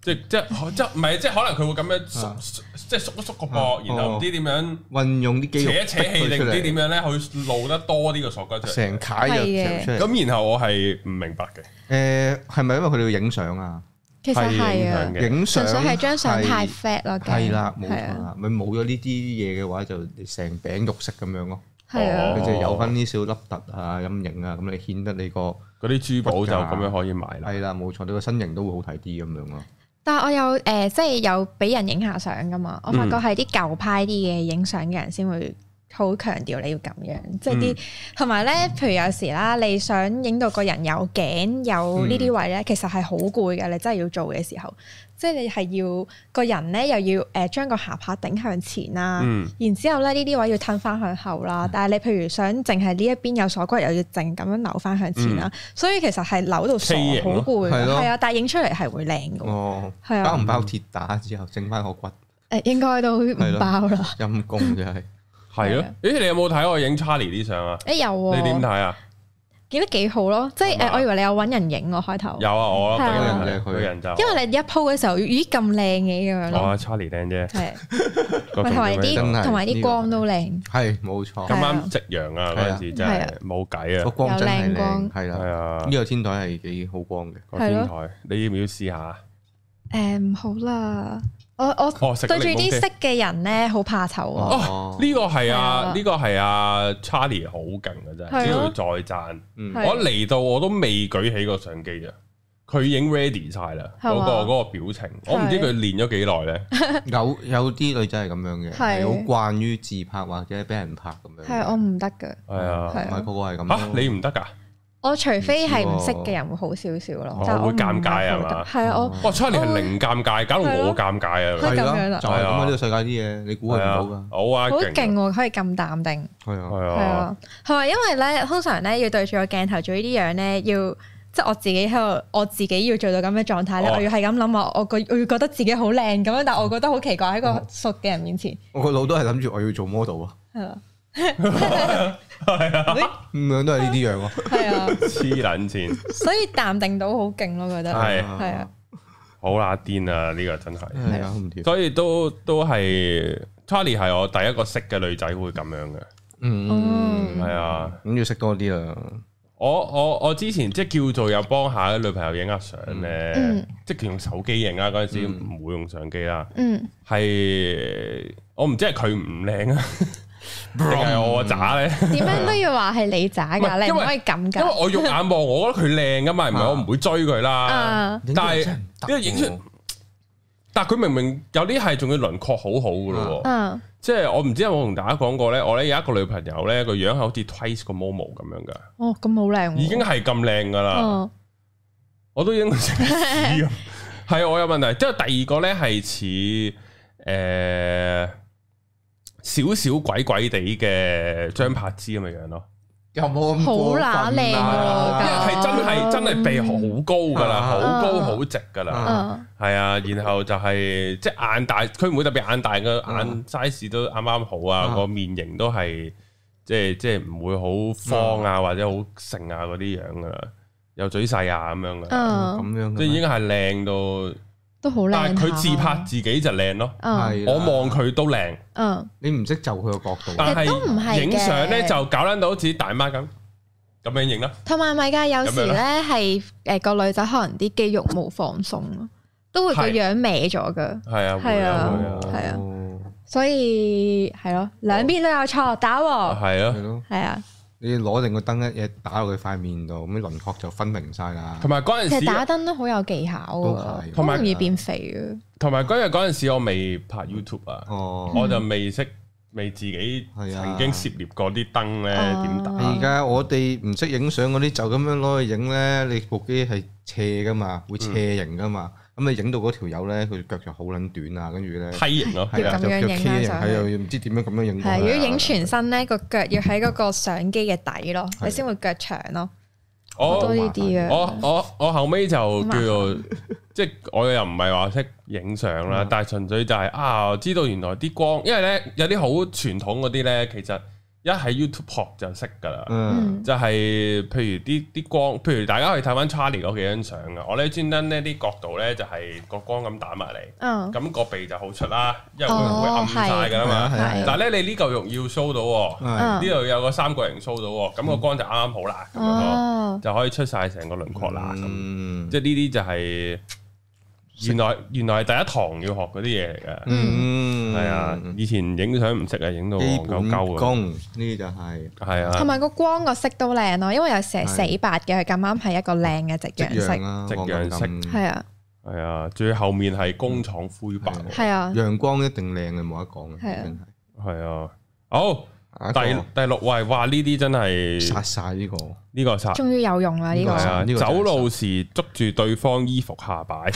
即即即唔係，即，即可能佢會咁樣縮，即縮一縮個膊，然後唔知點樣運用啲肌肉，扯一扯氣定，唔知點樣咧去露得多啲個鎖骨，成架嘅。咁的然後我係唔明白嘅。誒、欸，係咪因為佢哋要影相啊？其實係啊，影相係張相太 fat 咯。係啦，冇錯，咪冇咗呢啲嘢嘅話，就成餅肉食咁樣咯。係啊，佢就、哦、有翻啲小凹凸啊、陰影啊，咁你顯得你個嗰啲珠寶就咁樣可以賣啦。係啦，冇錯，你個身形都會好睇啲咁樣咯。但係我有誒、呃，即係有俾人影下相噶嘛，我發覺係啲舊派啲嘅影相嘅人先會。好強調你要咁樣，即係啲同埋咧，譬如有時啦，你想影到個人頸有頸有呢啲位咧，其實係好攰嘅。你真係要做嘅時候，即係你係要個人咧，又、嗯、要誒將個下巴頂向前啦，然之後咧呢啲位要褪翻向後啦。但係你譬如想淨係呢一邊有鎖骨，又要淨咁樣扭翻向前啦，嗯、所以其實係扭到傻，好攰係啊！但係影出嚟係會靚嘅喎，係啊，包唔包鐵打之後剩翻個骨？誒了，應該都唔包啦，陰公嘅係。係咯，咦？你有冇睇我影 Charlie 啲相啊？誒，有。你點睇啊？影得幾好咯，即係誒，我以為你有搵人影我開頭。有啊，我搵人影佢個人就。因為你一 po 嘅嗰時候，咦咁靚嘅咁樣咯。啊，Charlie 靚啫。係。同埋啲同埋啲光都靚。係，冇錯。咁啱夕陽啊嗰陣時真係冇計啊，個光真係靚。係啦，係啊。呢個天台係幾好光嘅，個天台你要唔要試下？誒，唔好啦。我我對住啲識嘅人咧，好怕醜啊！哦，呢個係啊，呢個係啊，Charlie 好勁嘅真係，只要佢再讚，我嚟到我都未舉起個相機啊，佢已經 ready 晒啦，嗰個表情，我唔知佢練咗幾耐咧。有有啲女仔係咁樣嘅，好慣於自拍或者俾人拍咁樣。係我唔得嘅，係啊，唔係個係咁。吓，你唔得㗎？我除非係唔識嘅人會好少少咯，但係我會尷尬啊嘛。係啊，我哇出嚟係零尷尬，搞到我尷尬啊。係啦，就係諗下呢個世界啲嘢，你估係唔到㗎。好啊，好勁，可以咁淡定。係啊係啊係啊，係因為咧，通常咧要對住個鏡頭做呢啲樣咧，要即係我自己喺度，我自己要做到咁嘅狀態咧，我要係咁諗啊，我我我要覺得自己好靚咁樣，但我覺得好奇怪喺個熟嘅人面前。我個腦都係諗住我要做 model 啊。係啊。係啊，咁樣都係呢啲樣咯，係啊，黐捻線，所以淡定到好勁咯，覺得係係啊，好乸癲啊，呢個真係係啊，所以都都係，Charlie 係我第一個識嘅女仔會咁樣嘅，嗯，係啊，咁要識多啲啦，我我我之前即係叫做有幫下女朋友影下相咧，即係用手機影啊，嗰陣時唔會用相機啦，嗯，係我唔知係佢唔靚啊，定係我渣咧？點樣都要話係你渣噶？因為可以咁噶，因為我肉眼望，我覺得佢靚噶嘛，唔係我唔會追佢啦。但係但係佢明明有啲係仲要輪廓好好噶咯。即係我唔知有冇同大家講過咧，我咧有一個女朋友咧，個樣係好似 Twice 個 Momo 咁樣噶。哦，咁好靚，已經係咁靚噶啦。我都已經死咁。係我有問題，即係第二個咧係似誒少少鬼鬼地嘅張柏芝咁嘅樣咯，又冇咁好乸靚，啊，係真係真係鼻好高噶啦，好、嗯、高好直噶啦，係啊，啊，啊，然後就係、是、即係眼大，佢唔會特別眼大嘅眼 size 都啱啱好啊，個、嗯、面型都係即係即係唔會好方、嗯、啊，或者好成啊嗰啲樣噶啦，有嘴細啊咁樣嘅，咁樣即係已經係靚到～都好靚，但係佢自拍自己就靚咯，係我望佢都靚。嗯，你唔識就佢個角度，但係都唔係，影相咧就搞撚到好似大媽咁咁樣影啦。同埋咪㗎，有時咧係誒個女仔可能啲肌肉冇放鬆咯，都會個樣歪咗噶。係啊，係啊，係啊，所以係咯，兩邊都有錯，打和。係咯，係啊。你攞定個燈一嘢打落佢塊面度，咁啲輪廓就分明晒啦。同埋嗰陣時，其實打燈都好有技巧，好容易變肥啊。同埋嗰日嗰陣時，我未拍 YouTube 啊，哦，我就未識。未自己係啊，曾經涉獵過啲燈咧點打？而家我哋唔識影相嗰啲，就咁樣攞去影咧，你部機係斜噶嘛，會斜形噶嘛。咁你影到嗰條友咧，佢腳就好撚短啊，跟住咧梯形咯，係啊，腳斜形，係啊，唔知點樣咁樣影。係，如果影全身咧，個腳要喺嗰個相機嘅底咯，你先會腳長咯。哦，多呢啲啊！我我我後尾就叫做。即係我又唔係話識影相啦，嗯、但係純粹就係、係、啊，知道原來啲光，因為咧有啲好傳統嗰啲咧，其實一喺 YouTube 係要學就識㗎啦。嗯、就係譬如啲啲光，譬如大家可以睇翻 Charlie 嗰幾張相啊。我咧專登呢啲角度咧就係、係、個光咁打埋嚟，嗯、哦，咁個鼻就好出啦，因為佢唔會，會暗曬㗎嘛。哦啊啊啊啊、但係咧你呢嚿肉要 show 到喎、哦，呢度、啊、有個三角形 show 到喎、哦，咁、那個光就啱啱好啦，嗯、樣哦，就可以出晒成個輪廓啦。樣嗯，即係呢啲就係。原來原來係第一堂要學嗰啲嘢嚟嘅，係啊！以前影相唔識啊，影到黃狗鳩公呢，就係係啊，同埋個光個色都靚咯，因為有成日死白嘅，佢咁啱係一個靚嘅夕陽色，夕陽色係啊，係啊，最後面係工廠灰白，係啊，陽光一定靚嘅，冇得講嘅，真係啊，好第第六位，哇！呢啲真係殺晒呢個呢個殺，終於有用啦呢個，走路時捉住對方衣服下擺。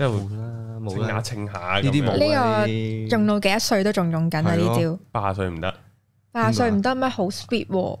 即係會啦，清牙清下，呢啲冇。呢個些用到幾多歲都仲用緊啊！呢、哦、招八十歲唔得，八十說歲唔得咩？好 speed 喎、啊！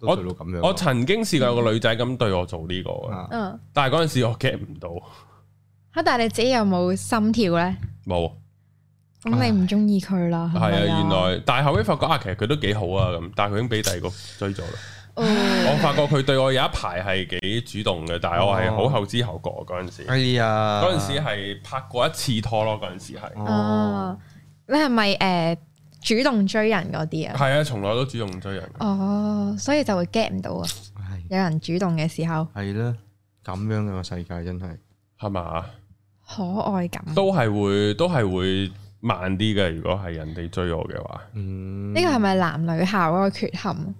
我我曾經試過有個女仔咁對我做呢個，嗯，但係嗰陣時我 get 唔到。哈、啊！但係你自己有冇心跳咧？冇有，咁你唔中意佢啦。係唉啊，原來唉但係後尾發覺啊，其實佢都幾好啊，咁但係佢已經俾第二個追咗啦。唉我發覺佢對我有一排係幾主動嘅，但係我係好後知後覺，嗰陣時係啊，嗰陣呀時係拍過一次拖咯。嗰陣時係哦，唉你係咪誒？呃主動追人嗰啲啊，係啊，從來都主動追人。哦，所以就會 get 唔到啊。有人主動嘅時候。係啦，咁樣嘅世界真係，係嘛？可愛感。都係會，都係會慢啲嘅。如果係人哋追我嘅話，嗯，呢個係咪男女校嗰個缺陷？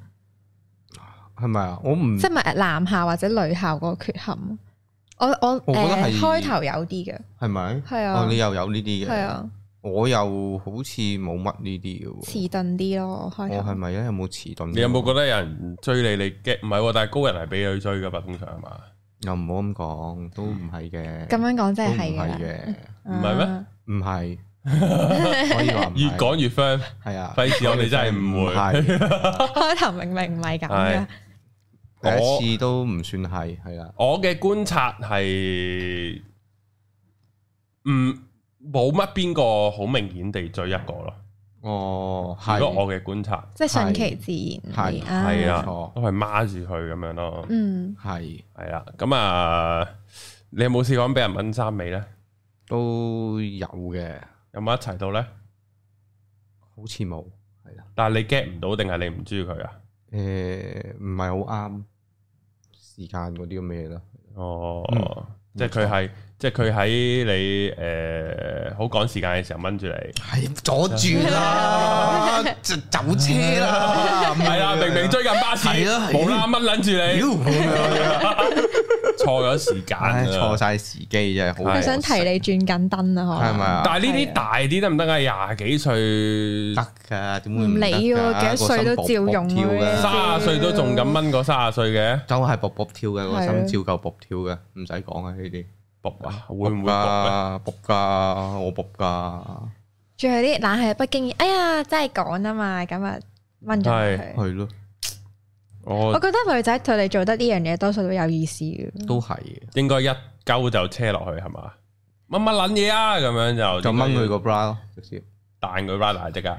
係咪啊？我唔即係男校或者女校嗰個缺陷？我我覺得係誒開頭有啲嘅，係咪？係啊，你又有呢啲嘅，係啊。我又好似冇乜呢啲嘅，遲鈍啲咯。開頭係咪啊？有冇遲鈍？你有冇覺得有人追你？你驚？唔係，但係高人係俾佢追噶嘛。通常係嘛？又唔好咁講，都唔係嘅。咁樣講真係係嘅。唔係嘅，唔係咩？唔係。越講越 friend 係啊，費事我哋真係唔會。開頭明明唔係咁嘅。第一次都唔算係，係啊。我嘅觀察係，嗯。冇乜邊個好明顯地追一個咯，哦，如果我嘅觀察，即係順其自然，係係啊，都係孖住佢咁樣咯，嗯，係係啦，咁啊，你有冇試過俾人掹衫尾咧？都有嘅，有冇一齊到咧？好似冇，係啊，但係你 get 唔到定係你唔中意佢啊？誒，唔係好啱時間嗰啲咁嘅嘢咯。哦，即係佢係。即係佢喺你誒好趕時間嘅時候掹住你，係阻住啦，走車啦，係啦，明明追緊巴士，啦，咯，好啦，掹撚住你，錯咗時間，錯晒時機，真係好。想提你轉緊燈啊，係咪啊？但係呢啲大啲得唔得啊？廿幾歲得㗎，點會唔得？幾多歲都照用嘅，卅歲都仲敢掹過卅歲嘅，咁我係卜卜跳嘅，個心照舊卜跳嘅，唔使講啊呢啲。搏啊！會唔會搏噶、啊？搏噶、啊！啊、我搏噶、啊。仲有啲嗱係北京，哎呀，真係講啊嘛，咁啊，掹咗佢係。係咯。 我我覺得女仔對你做得呢樣嘢，多數都有意思嘅。都係嘅，應該一勾就車落去係嘛？掹乜撚嘢啊？咁樣就就掹佢個 bra 咯，直接彈佢 bra 大即噶。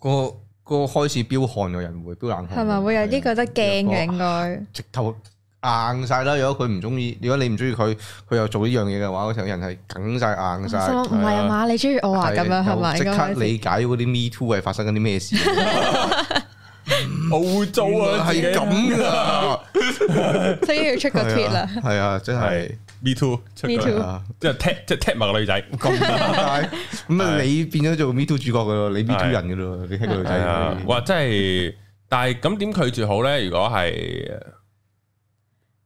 個個開始飆汗嘅人會飆冷汗，係咪會有啲覺得驚嘅？應該，應該直頭硬晒啦！如果佢唔中意，如果你唔中意佢，佢又做呢樣嘢嘅話，成個人係梗晒硬晒。唔係、嗯、啊嘛，你中意我話咁樣係咪？即刻嗎理解嗰啲 Me Too 係發生緊啲咩事？冇會做啊，係咁 啊，所以要出個帖啦。係啊，真係。 Me too，即係踢，即係踢埋個女仔咁啊！你變咗做 Me too 主角噶咯，你 Me too 人噶咯，你踢個女仔。哇！真係，但係咁點拒絕好咧？如果係，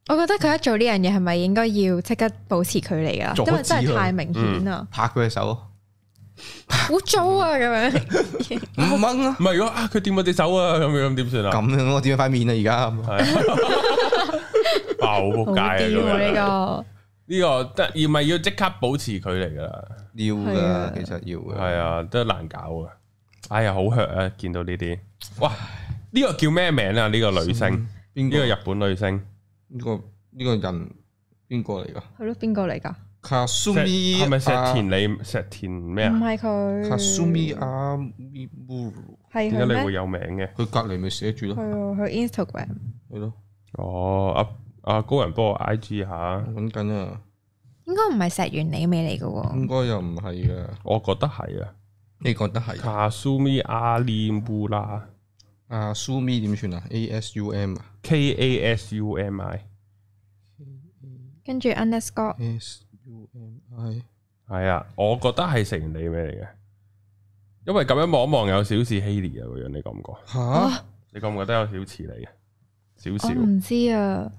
我覺得佢一做呢樣嘢，係咪應該要即刻保持距離啊？因為真係太明顯啦，拍佢隻手，好糟啊！咁樣唔掹啊？唔係，如果佢掂我隻手啊，咁樣點算啊？咁樣我掂塊面啊！而家啊，好撲街呢個。呢個得要咪要即刻保持距離㗎啦，要噶，其實要嘅。係啊，都難搞啊！哎呀，好 hurt 啊！見到呢啲，哇！呢個叫咩名啊？呢個女星，呢個日本女星，呢個呢個人邊個嚟㗎？係咯，邊個嚟㗎？Kasumi 係咪石田你石田咩啊？唔係佢。Kasumi 阿咪烏。係佢咩？點解你會有名嘅？佢隔離咪寫住咯。係啊，佢 Instagram。係咯。哦。啊！高人幫我 I G 下，揾緊啊！應該唔係石原里美嚟嘅喎？應該又唔係嘅，我覺得係啊，你覺得係？卡蘇米阿里布拉啊，蘇米點算啊？A S U M K A S U M I，跟住 Underscore S U M I，係啊，我覺得係石原里美嚟嘅，因為咁樣望一望有少少似 Hailee 啊個樣，你覺唔覺？吓，你覺唔覺得有少似你啊？少少，唔知啊，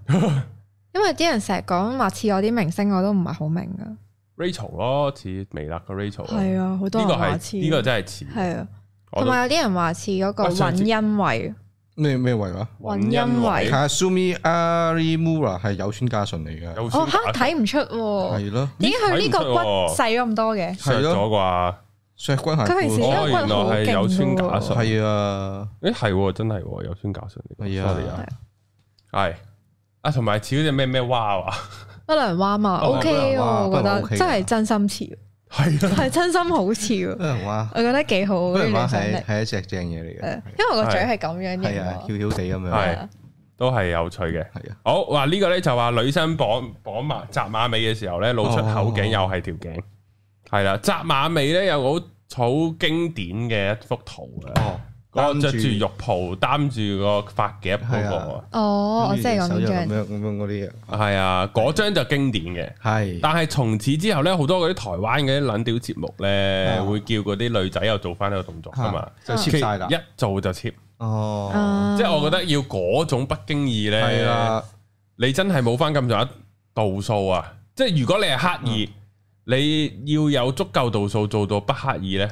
因為啲人成日講話似我啲明星，我都唔係好明噶。Rachel 咯，似微辣個 Rachel，係啊，好多人話似，呢個真係似，係啊，同埋有啲人話似嗰個尹恩惠，咩咩惠嘛？尹恩惠吓，Kasumi Arimura 係有村架純嚟噶，睇唔出，係咯，點解佢呢個骨細咗咁多嘅，細咗啩？削骨，佢平時個骨好勁噶，係啊，誒係真係有村架純嚟噶 sorry 啊。係啊，同埋似嗰隻咩咩蛙啊，不良蛙嘛，OK，我覺得真係真心似，係咯，係真心好似啊，不良蛙，我覺得幾好，不良蛙係一隻正嘢嚟嘅，因為個嘴係咁樣嘅，翹翹哋咁樣，係都係有趣嘅，係啊。好，話呢個咧就話女生綁綁馬紮馬尾嘅時候咧，露出口頸又係條頸，係啦，紮馬尾咧有好好經典嘅一幅圖啊。按著住浴袍擔住、個髮夾嗰個哦，我即係咁樣咁樣嗰啲嘢，係啊，嗰張、啊、就經典嘅，係、啊。但係從此之後咧，好多嗰啲台灣嘅啲冷調節目咧，啊、會叫嗰啲女仔又做翻呢個動作噶嘛，啊、嗎就 cheap 晒啦，一做就 cheap 哦。即係我覺得要嗰種不經意咧，啊、你真係冇翻咁上下度數啊！即係如果你係刻意，嗯、你要有足夠度數做到不刻意咧。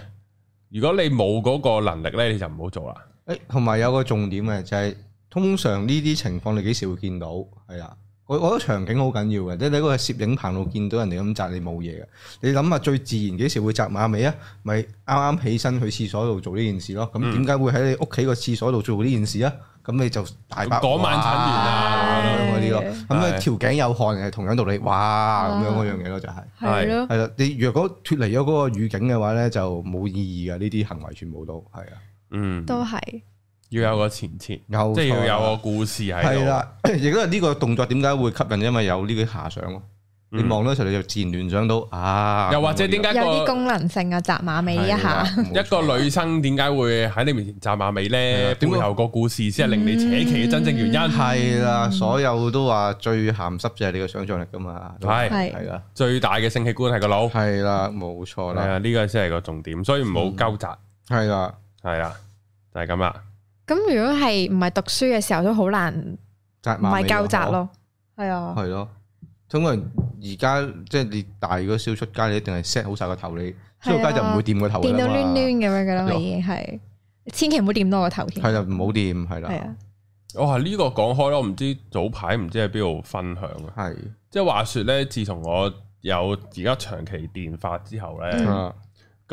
如果你冇嗰個能力咧，你就唔好做啦。誒、欸，同埋有個重點嘅就係、是，通常呢啲情況你幾時會見到？係啊，我覺得場景好緊要嘅。你你喺個攝影棚度見到人哋咁紮你冇嘢嘅，你諗下最自然幾時會紮馬尾啊？咪啱啱起身去廁所度做呢件事咯。咁點解會喺你屋企個廁所度做呢件事啊？嗯咁你就大把，嗰晚枕完啊，咁嗰啲咯。咁啊，條頸有汗係，同樣道理，哇，咁、啊、樣嗰樣嘢咯，就係。係咯，係啦。你若果脫離咗嗰個語境嘅話咧，就冇意義㗎。呢啲行為全部都係啊。嗯，都係是要有個前設，嗯、即係要有個故事喺度。係啦，亦都係呢個動作點解會吸引？因為有呢啲遐想咯。你望到出你就自然聯想到啊，又或者點解有啲功能性啊？紮馬尾呢？一下，一個女生點解會喺你面前紮馬尾咧？點會有個故事先係令你扯旗嘅真正原因？係啦，所有都話最鹹濕就係你嘅想象力噶嘛，係係啊，最大嘅性器官係個腦，係啦，冇錯啦，係啊，呢個先係個重點，所以唔好交雜，係啦，係啦，就係咁啦。咁如果係唔係讀書嘅時候都好難紮馬尾咯，係啊，係咯。通常而家即係你大嗰少出街，你一定係 set 好晒個頭，你出到街就唔會掂個頭，掂到亂亂咁樣噶啦，係千祈唔好掂多個頭添。係啊，唔好掂係啦。我話呢個講開咯，我唔知早排唔知喺邊度分享啊。係，即係話說咧，自從我有而家長期電髮之後咧，咁、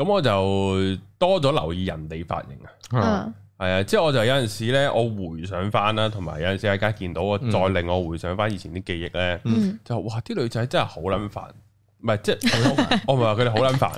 嗯、我就多咗留意人哋髮型、嗯、啊。係啊，即係我就有陣時咧，我回想翻啦，同埋有陣時喺街見到，我再令我回想翻以前啲記憶咧，嗯、就哇啲女仔真係好撚煩，唔係即係我唔係話佢哋好撚煩，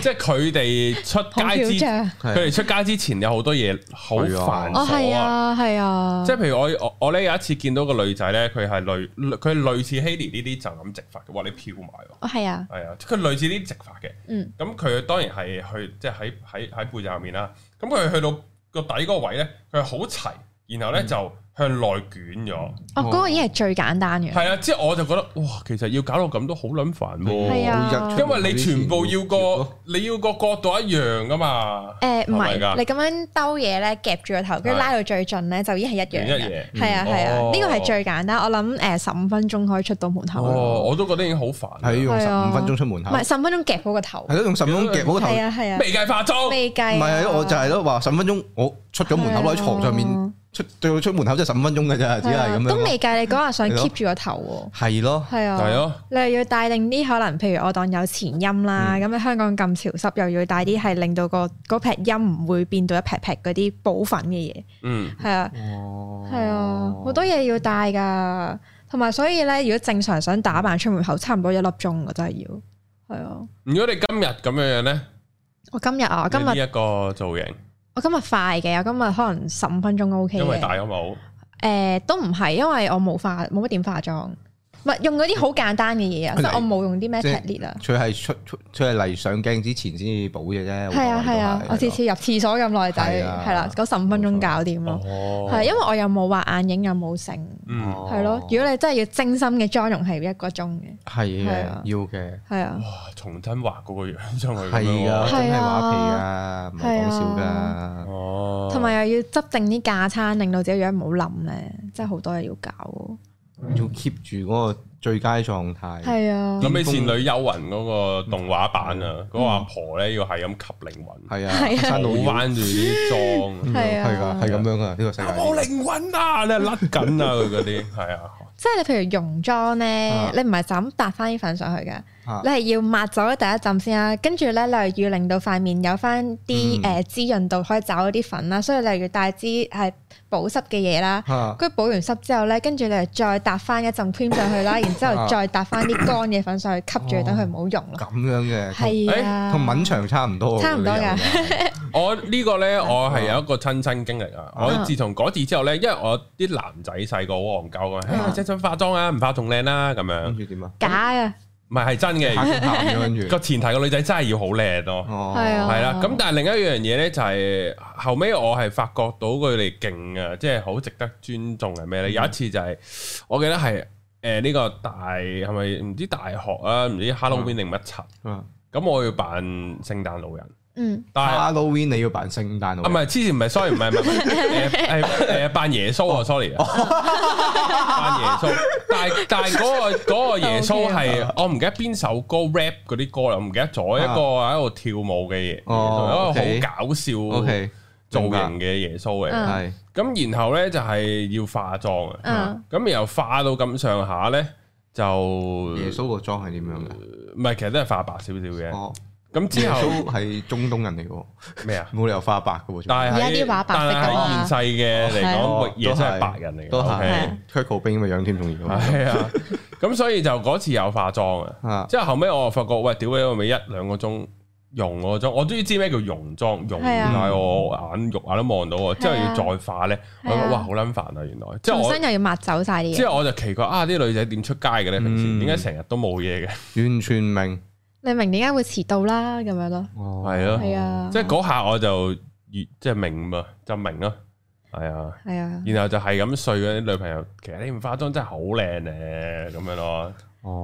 即係佢哋出街之佢哋出街之前有好多嘢好煩瑣啊，係啊的，哦、即係譬如我我咧有一次見到個女仔咧，佢係類佢類似 Hailee 呢啲就咁直髮嘅，哇你漂埋喎，係啊的，係啊的，佢類似呢啲直髮嘅，咁佢、嗯、當然係去即係喺喺喺背脊後面啦，咁佢去到。個底嗰個位咧，佢係好齊，然後咧、嗯、就，向內捲咗，哦，嗰個已經係最簡單嘅。係啊，即係我就覺得，哇，其實要搞到咁多好撚煩喎，因為你全部要個你要個角度一樣噶嘛。誒唔係㗎，你咁樣兜嘢咧，夾住個頭，跟住拉到最盡咧，就已經係一樣嘅。係啊係啊，呢個係最簡單。我諗誒十五分鐘可以出到門口。哦，我都覺得已經好煩，係用十五分鐘出門口。唔係十五分鐘夾好個頭。係咯，用十五分鐘夾好個頭。係啊係啊，未計化妝。未計。唔係，我就係都話十五分鐘，我出咗門口，攞喺床上面。出對出門口即係十五分鐘嘅啫，只係咁樣。都未計你嗰日想 keep 住個頭。係咯，係啊，係咯。你又要帶定啲可能，譬如我當有前音啦。咁喺香港咁潮濕，又要帶啲係令到個嗰劈音唔會變到一劈劈嗰啲補粉嘅嘢。嗯，係啊，哦，係啊，好多嘢要帶噶。同埋所以咧，如果正常想打扮出門口，差唔多一粒鐘嘅真係要。係啊。如果你今日咁樣樣咧，我今日啊，今日一個造型。我今日快嘅，我今日可能十五分鐘 OK 嘅。因為大咗冇？誒、呃，都唔係，因為我冇化，冇乜點化妝。唔係用嗰啲好簡單嘅嘢啊！即係我冇用啲咩劇烈啊！佢係出出佢係嚟上鏡之前先至補嘅啫。係啊係啊！我次次入廁所咁耐仔，係啦，嗰十五分鐘搞掂咯。係因為我又冇畫眼影，又冇剩，係咯。如果你真係要精心嘅妝容，係一個鐘嘅，係啊要嘅。係啊！重新畫嗰個樣上去係啊，真係畫皮啊，唔係講笑㗎。哦，同埋又要執定啲架餐，令到自己樣唔好冧咧，真係好多嘢要搞。要 keep 住嗰個最佳狀態。係啊貢，諗起倩女幽魂嗰個動畫版啊，嗰、嗯、個阿婆咧要係咁吸靈魂。係、嗯、啊，生到彎住啲妝。係、嗯、啊，係咁樣啊，呢、呢個世界冇、啊、靈魂啊，你係甩緊啊佢嗰啲。係啊， 啊即係你譬如容妝咧，你唔係就咁搭翻啲粉上去㗎。你係要抹走咗第一浸先啦，跟住咧你又要令到塊面有翻啲誒滋潤度，可以找啲粉啦，嗯、所以例如要帶支係保濕嘅嘢啦，跟住、啊、補完濕之後咧，跟住你又再搭翻一浸 cream 上去啦，啊、然之後再搭翻啲乾嘅粉上去吸住，等佢唔好溶咯。咁樣嘅係同敏祥差唔多，差唔多嘅。 我呢個咧，我係有一個親身經歷啊。我自從嗰次之後咧，因為我啲男仔細個好戇鳩啊，即係想化妝啊，唔化仲靚啦咁樣。跟住點啊？假啊！唔係係真嘅，假個 前提，個女仔真係要好靚咯。係啊。係啦、啊。咁但係另一樣嘢咧，就係後尾我係發覺到佢哋勁啊，即係好值得尊重係咩咧？嗯、有一次就係、是、我記得係誒呢個大係咪唔知大學啊，唔知 Halloween 定乜柒。嗯。咁我要扮聖誕老人。嗯，但係 Halloween 你要扮聖誕，唔係之前唔係，sorry 唔係唔係，誒誒扮耶穌啊，sorry 扮耶穌，但係但係嗰個個耶穌係我唔記得邊首歌 rap 嗰啲歌啦，我唔記得咗一個喺度跳舞嘅嘢，一個好搞笑造型嘅耶穌嚟，係咁然後咧就係要化妝啊，咁然後化到咁上下咧就耶穌個妝係點樣嘅？唔係其實都係化白少少嘅。咁之後都係中東人嚟嘅喎，咩啊冇理由化白嘅喎，而家啲畫白色嘅，但係現世嘅嚟講亦真係白人嚟嘅，都係 Cold 兵咁嘅樣添，仲要係啊！咁所以就嗰次有化妝啊，之後後尾我又發覺喂，屌你我咪一兩個鐘溶妝，我終於知咩叫溶妝容，但我眼肉眼都望到啊！之後要再化咧，我覺得哇好撚煩啊，原來！即係我又要抹走晒啲，之後我就奇怪啊啲女仔點出街嘅咧？平時點解成日都冇嘢嘅？完全明。你明點解會遲到啦？咁樣咯，係咯，係啊，即係嗰下我就即係明嘛，就明咯，係啊，係啊，然後就係咁睡嗰啲女朋友，其實你唔化妝真係好靚咧，咁樣咯，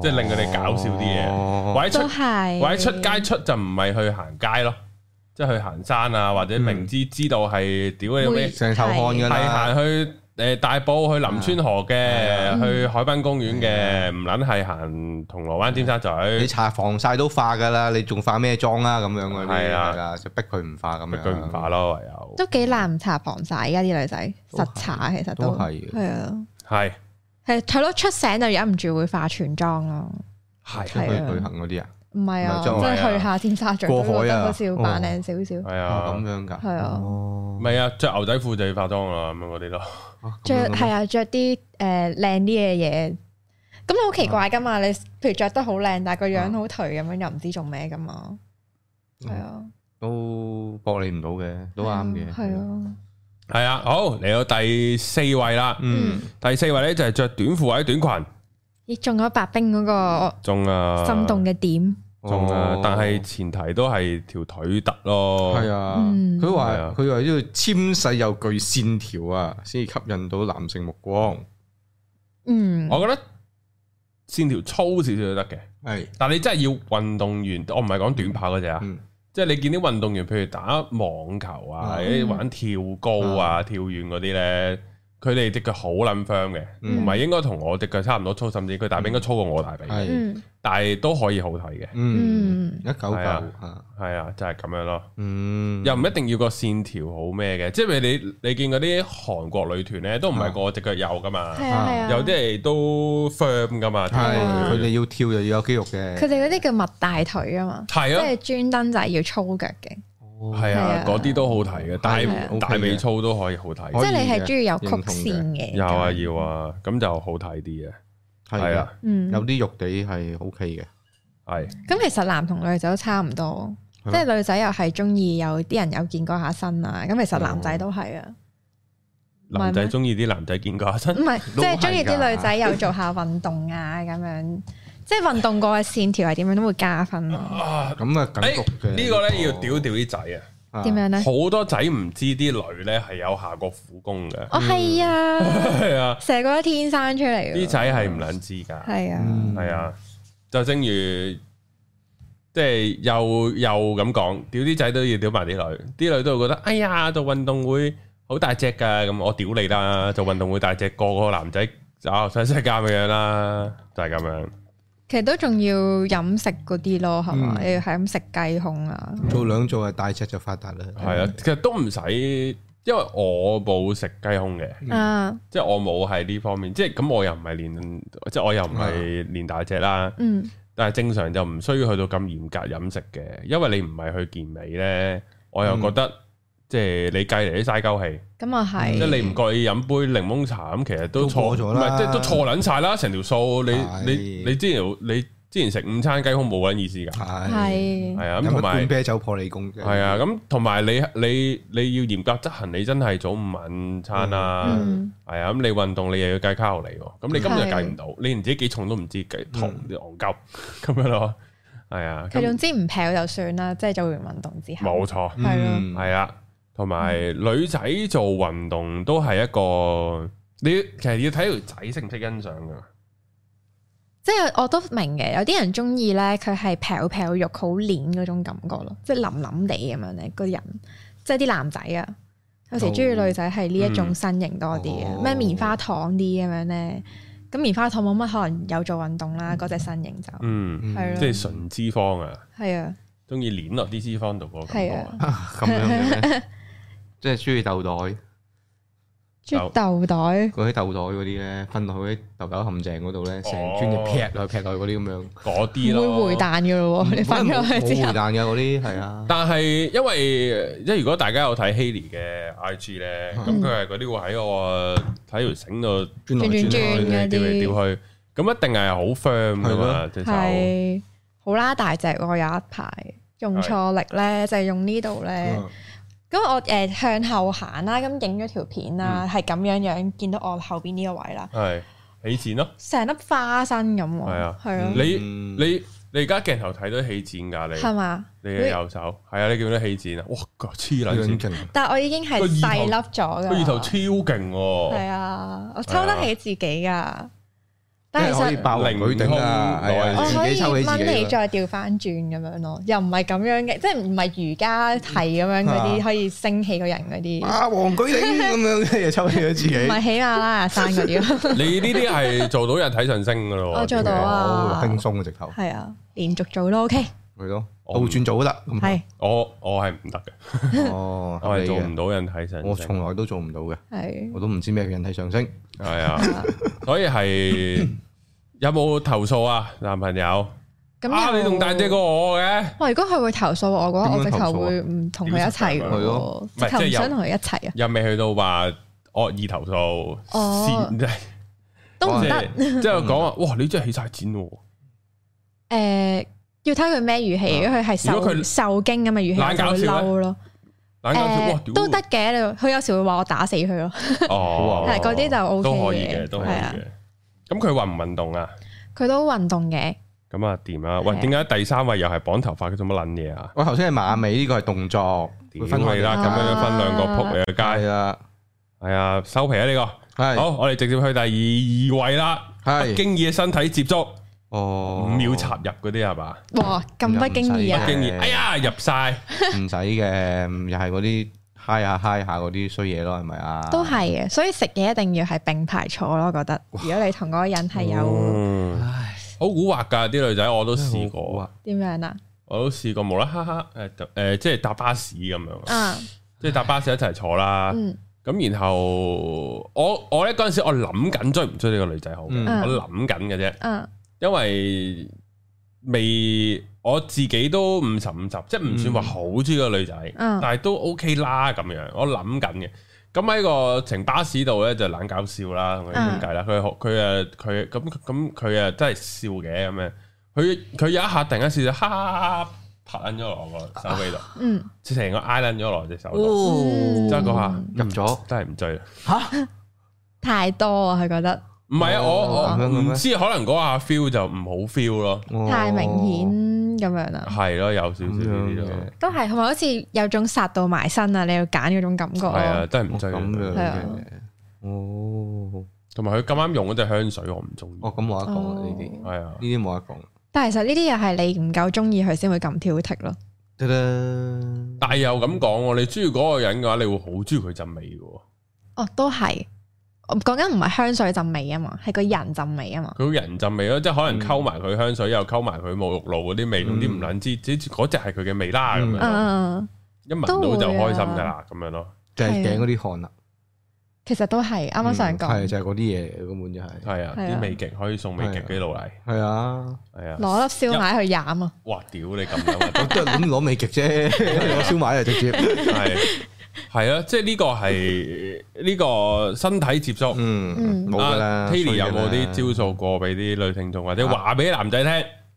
即係令佢哋搞笑啲嘢，或者出，或者出街出就唔係去行街咯，即係去行山啊，或者明知知道係屌你咩成頭汗嘅啦。誒，大埔去林村河嘅，去海濱公園嘅，唔撚係行銅鑼灣尖沙咀。你搽防曬都化噶啦，你仲化咩妝啊？咁樣嗰啲係啊，就逼佢唔化咁樣。佢唔化咯，唯有。都幾難唔搽防曬，而家啲女仔實搽，其實都係啊。係係睇到出醒就忍唔住會化全妝咯。係出去旅行嗰啲啊。唔係啊，即係去夏天沙咀，可能嗰時要扮靚少少。係啊，咁樣噶。係啊，唔係啊，着牛仔褲就要化妝啦，咁樣嗰啲咯。着係啊，着啲誒靚啲嘅嘢，咁好奇怪噶嘛？你譬如着得好靚，但係個樣好頹咁樣，又唔知做咩噶嘛？係啊，都駁你唔到嘅，都啱嘅。係啊，係啊，好，嚟到第四位啦。嗯，第四位咧就係着短褲或者短裙。你中咗白兵嗰個，中啊？心動嘅點？中啊，但係前提都係條腿凸咯，係啊，佢話佢話呢個纖細又具線條啊，先至、啊、吸引到男性目光。嗯，我覺得線條粗少少都得嘅，係是。但係你真係要運動員，我唔係講短跑嗰隻啊，即係、嗯、你見啲運動員，譬如打網球啊，嗯、玩跳高啊、跳遠嗰啲咧。嗯佢哋隻腳好撚 firm 嘅，同埋應該同我隻腳差唔多粗，甚至佢大髀應該粗過我大髀，嗯、但係都可以好睇嘅。嗯，一九八，係啊的的，就係、是、咁樣咯。嗯，又唔一定要個線條好咩嘅，即係你你見嗰啲韓國女團咧，都唔係個隻腳有噶嘛，的有啲係都 firm 噶嘛，但佢哋要跳就要有肌肉嘅。佢哋嗰啲叫蜜大腿啊嘛，即係專登就係要粗腳嘅。係啊，嗰啲都好睇嘅，但係大尾操都可以好睇。即係你係中意有曲線嘅。有啊要啊，咁就好睇啲嘅。係啊，有啲肉地係 O K 嘅。係。咁其實男同女仔都差唔多，即係女仔又係中意有啲人有見過下身啊。咁其實男仔都係啊。男仔中意啲男仔見過下身，唔係即係中意啲女仔有做下運動啊咁樣。即係運動過嘅線條係點樣都會加分咯。哎這個、吊吊啊，咁啊，呢個咧要屌屌啲仔啊。點樣咧？好多仔唔知啲女咧係有下過苦功嘅。嗯、哦，係啊，係、嗯、啊，成個天生出嚟。啲仔係唔撚知噶。係、嗯、啊，係啊，就正如即係又又咁講，屌啲仔都要屌埋啲女，啲女都會覺得哎呀，做運動會好大隻噶，咁我屌你啦，做運動會大隻過個男仔，啊，就想世界咁樣啦，就係咁樣。其實都仲要飲食嗰啲咯，係嘛、嗯？你要係咁食雞胸啊？做兩做啊，大隻就發達啦。係啊、嗯，其實都唔使，因為我冇食雞胸嘅，嗯、即係我冇喺呢方面。即係咁，我又唔係練，嗯、即係我又唔係練大隻啦。嗯、但係正常就唔需要去到咁嚴格飲食嘅，因為你唔係去健美咧。我又覺得、嗯。即係你計嚟啲嘥鳩氣，咁啊係，即係你唔覺意飲杯檸檬茶咁，其實都錯咗啦，唔係即係都錯捻晒啦，成條數你你你之前你之前食午餐雞胸冇捻意思噶，係係啊，同埋啤酒破你功嘅，係啊，咁同埋你你你要嚴格執行，你真係早午晚餐啊，係啊，咁你運動你又要計卡路里喎，咁你今日計唔到，你唔知幾重都唔知計同啲戇鳩咁樣咯，係啊，其實總之唔跑就算啦，即係做完運動之後，冇錯，係啊。同埋女仔做運動都係一個，你其實要睇條仔識唔識欣賞㗎。即係我都明嘅，有啲人中意咧，佢係皮有皮有肉好攣嗰種感覺咯，即係腍腍地咁樣咧，嗰啲人即係啲男仔啊，有時中意女仔係呢一種身形多啲嘅，咩、哦嗯、棉花糖啲咁樣咧。咁棉花糖冇乜可能有做運動啦，嗰隻身形就嗯係咯，的即係純脂肪啊。係啊的，中意攣落啲脂肪度嗰個感覺，咁樣的即係鍾意豆袋，鍾意豆袋，嗰啲豆袋嗰啲咧，瞓喺啲豆狗陷阱嗰度咧，成個圈劈落去劈落去嗰啲咁樣，嗰啲啦。唔會回彈噶咯，你瞓咗落去之後。唔會回彈噶嗰啲係啊。但係因為即係如果大家有睇 Hailee 嘅 IG 咧，咁佢係嗰啲會喺個喺條繩度轉轉轉嗰啲，吊嚟吊去，咁一定係好 firm 噶嘛，隻手。係。好啦，大隻我有一排用錯力咧，就係用呢度咧。咁我誒、呃、向後行啦，咁影咗條片啦，係咁、嗯、樣樣見到我後邊呢個位啦，係起剪咯、啊，成粒花生咁喎，啊，係咯、啊，你你你而家鏡頭睇到起剪噶你係嘛？你嘅吧右手係你啊，你見到起剪啊，哇！個黐線先，但係我已經係細粒咗噶，佢二頭超勁喎，係啊，我抽得起自己噶。但係可以包零女定啦，係啊，自己掹起自己，再掉翻轉咁樣咯，又唔係咁樣嘅，即係唔係瑜伽提咁樣嗰啲可以升起個人嗰啲。阿黃舉鼎咁樣嘅嘢 抽起咗自己。唔係喜馬拉雅山嗰啲。你呢啲係做到人體上升嘅咯， 己我做到啊，哦、輕鬆嘅直頭。係啊，連續做都 OK。係咯。我會轉做得，咁我我係唔得嘅，我係做唔到人體上，我從來都做唔到嘅，我都唔知咩叫人體上升，係啊，所以係有冇投訴啊，男朋友？啊，你仲大隻過我嘅？哇，如果佢會投訴我嘅話，我直頭會唔同佢一齊嘅，直頭想同佢一齊啊？又未去到話惡意投訴哦，都唔得，即係講啊，哇，你真係起晒錢喎！誒。要睇佢咩語氣，如果佢係受受驚咁嘅語氣，佢嬲咯，冷搞笑咧，都得嘅。佢有時會話我打死佢咯。哦，嗱，嗰啲就 O K 嘅，都係啊。咁佢運唔運動啊？佢都運動嘅。咁啊，掂啦。喂，點解第三位又係綁頭髮？佢做乜撚嘢啊？喂頭先係馬尾，呢個係動作。點分啦？咁樣分兩個扑你個街。係啦，係啊，收皮啊呢個。係好，我哋直接去第二二位啦。係，不經意嘅身體接觸。哦，五秒插入嗰啲係嘛？哇，咁不經意啊！不經意，哎呀，入晒唔使嘅，又係嗰啲 high 下 high 下嗰啲衰嘢咯，係咪啊？都係嘅，所以食嘢一定要係並排坐咯，我覺得如果你同嗰個人係有好蠱惑噶啲女仔，我都試過。點樣啊？我都試過無啦啦，誒誒，即係搭巴士咁樣，即係搭巴士一齊坐啦。咁然後我我呢嗰陣時我諗緊追唔追呢個女仔好，我諗緊嘅啫。因為未我自己都五十五十，即係唔算話好中意個女仔，但係都 OK 啦咁樣。我諗緊嘅，咁喺個程巴士度咧就懶搞笑啦，同佢傾偈啦。佢佢誒佢咁咁佢誒真係笑嘅咁樣。佢佢有一下突然間笑就啪拍撚咗落我個手臂度，嗯，成個挨撚咗落隻手度，即係嗰下入咗，真係唔追啦。嚇！太多啊，佢覺得。唔係啊，我我唔知，可能嗰下 feel 就唔好 feel 咯，太明顯咁樣啦。係咯，有少少啲嘢，都係同埋好似有種殺到埋身啊！你要揀嗰種感覺，係啊，真係唔使咁樣，係啊。哦，同埋佢咁啱用嗰隻香水，我唔中意。哦，咁冇得講啊，呢啲係啊，呢啲冇得講。但係其實呢啲又係你唔夠中意佢先會咁挑剔咯。得啦，但係又咁講，你中意嗰個人嘅話，你會好中意佢陣味嘅。哦，都係。講緊唔係香水陣味啊嘛，係個人陣味啊嘛。佢人陣味咯，即係可能溝埋佢香水又溝埋佢沐浴露嗰啲味，咁啲唔撚知，只嗰係佢嘅味啦咁樣。一聞到就開心噶啦，咁樣咯，就係頸嗰啲汗啦。其實都係啱啱想講，係就係嗰啲嘢，根本就係係啊啲味極可以送味極畀落嚟，係啊係啊，攞粒燒賣去飲啊！哇屌你咁樣，都都係攞味極啫，攞燒賣啊直接係。係啊，即係呢個係呢個身體接觸。嗯，冇噶啦。Hailee 有冇啲招數過俾啲女聽眾，或者話俾男仔聽？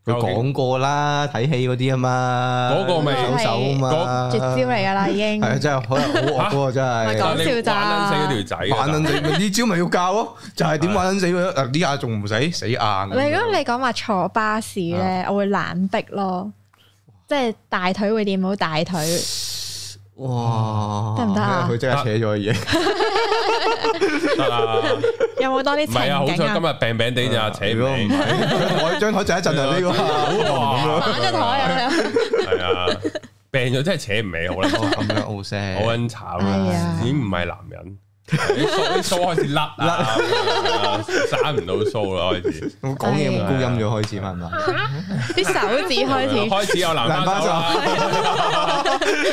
佢講過啦，睇戲嗰啲啊嘛，嗰個咪右手啊嘛，絕招嚟噶啦，已經係真係好惡嗰個真係。我講笑咋？玩撚死嗰條仔，玩撚死，呢招咪要教咯？就係點玩撚死咯？啊，呢下仲唔使死硬？如果你講話坐巴士咧，我會懶逼咯，即係大腿會掂好大腿。哇，得唔得啊？佢即刻扯咗嘢，得啊！啊 啊有冇多啲唔係啊？好彩今日病病地咋。扯咗？唔係， 我張台就一陣啊！呢個好凍咁樣，反個台啊！係啊，啊，啊， 啊，病咗真係扯唔起好。哦啊、 好啦，咁樣好聲，好撚慘啦，已經唔係男人。啲鬚啲鬚開始甩甩，散唔到鬚啦開始。講嘢冇高音咗開始，係嘛？啲手指開始開始有淋巴腫。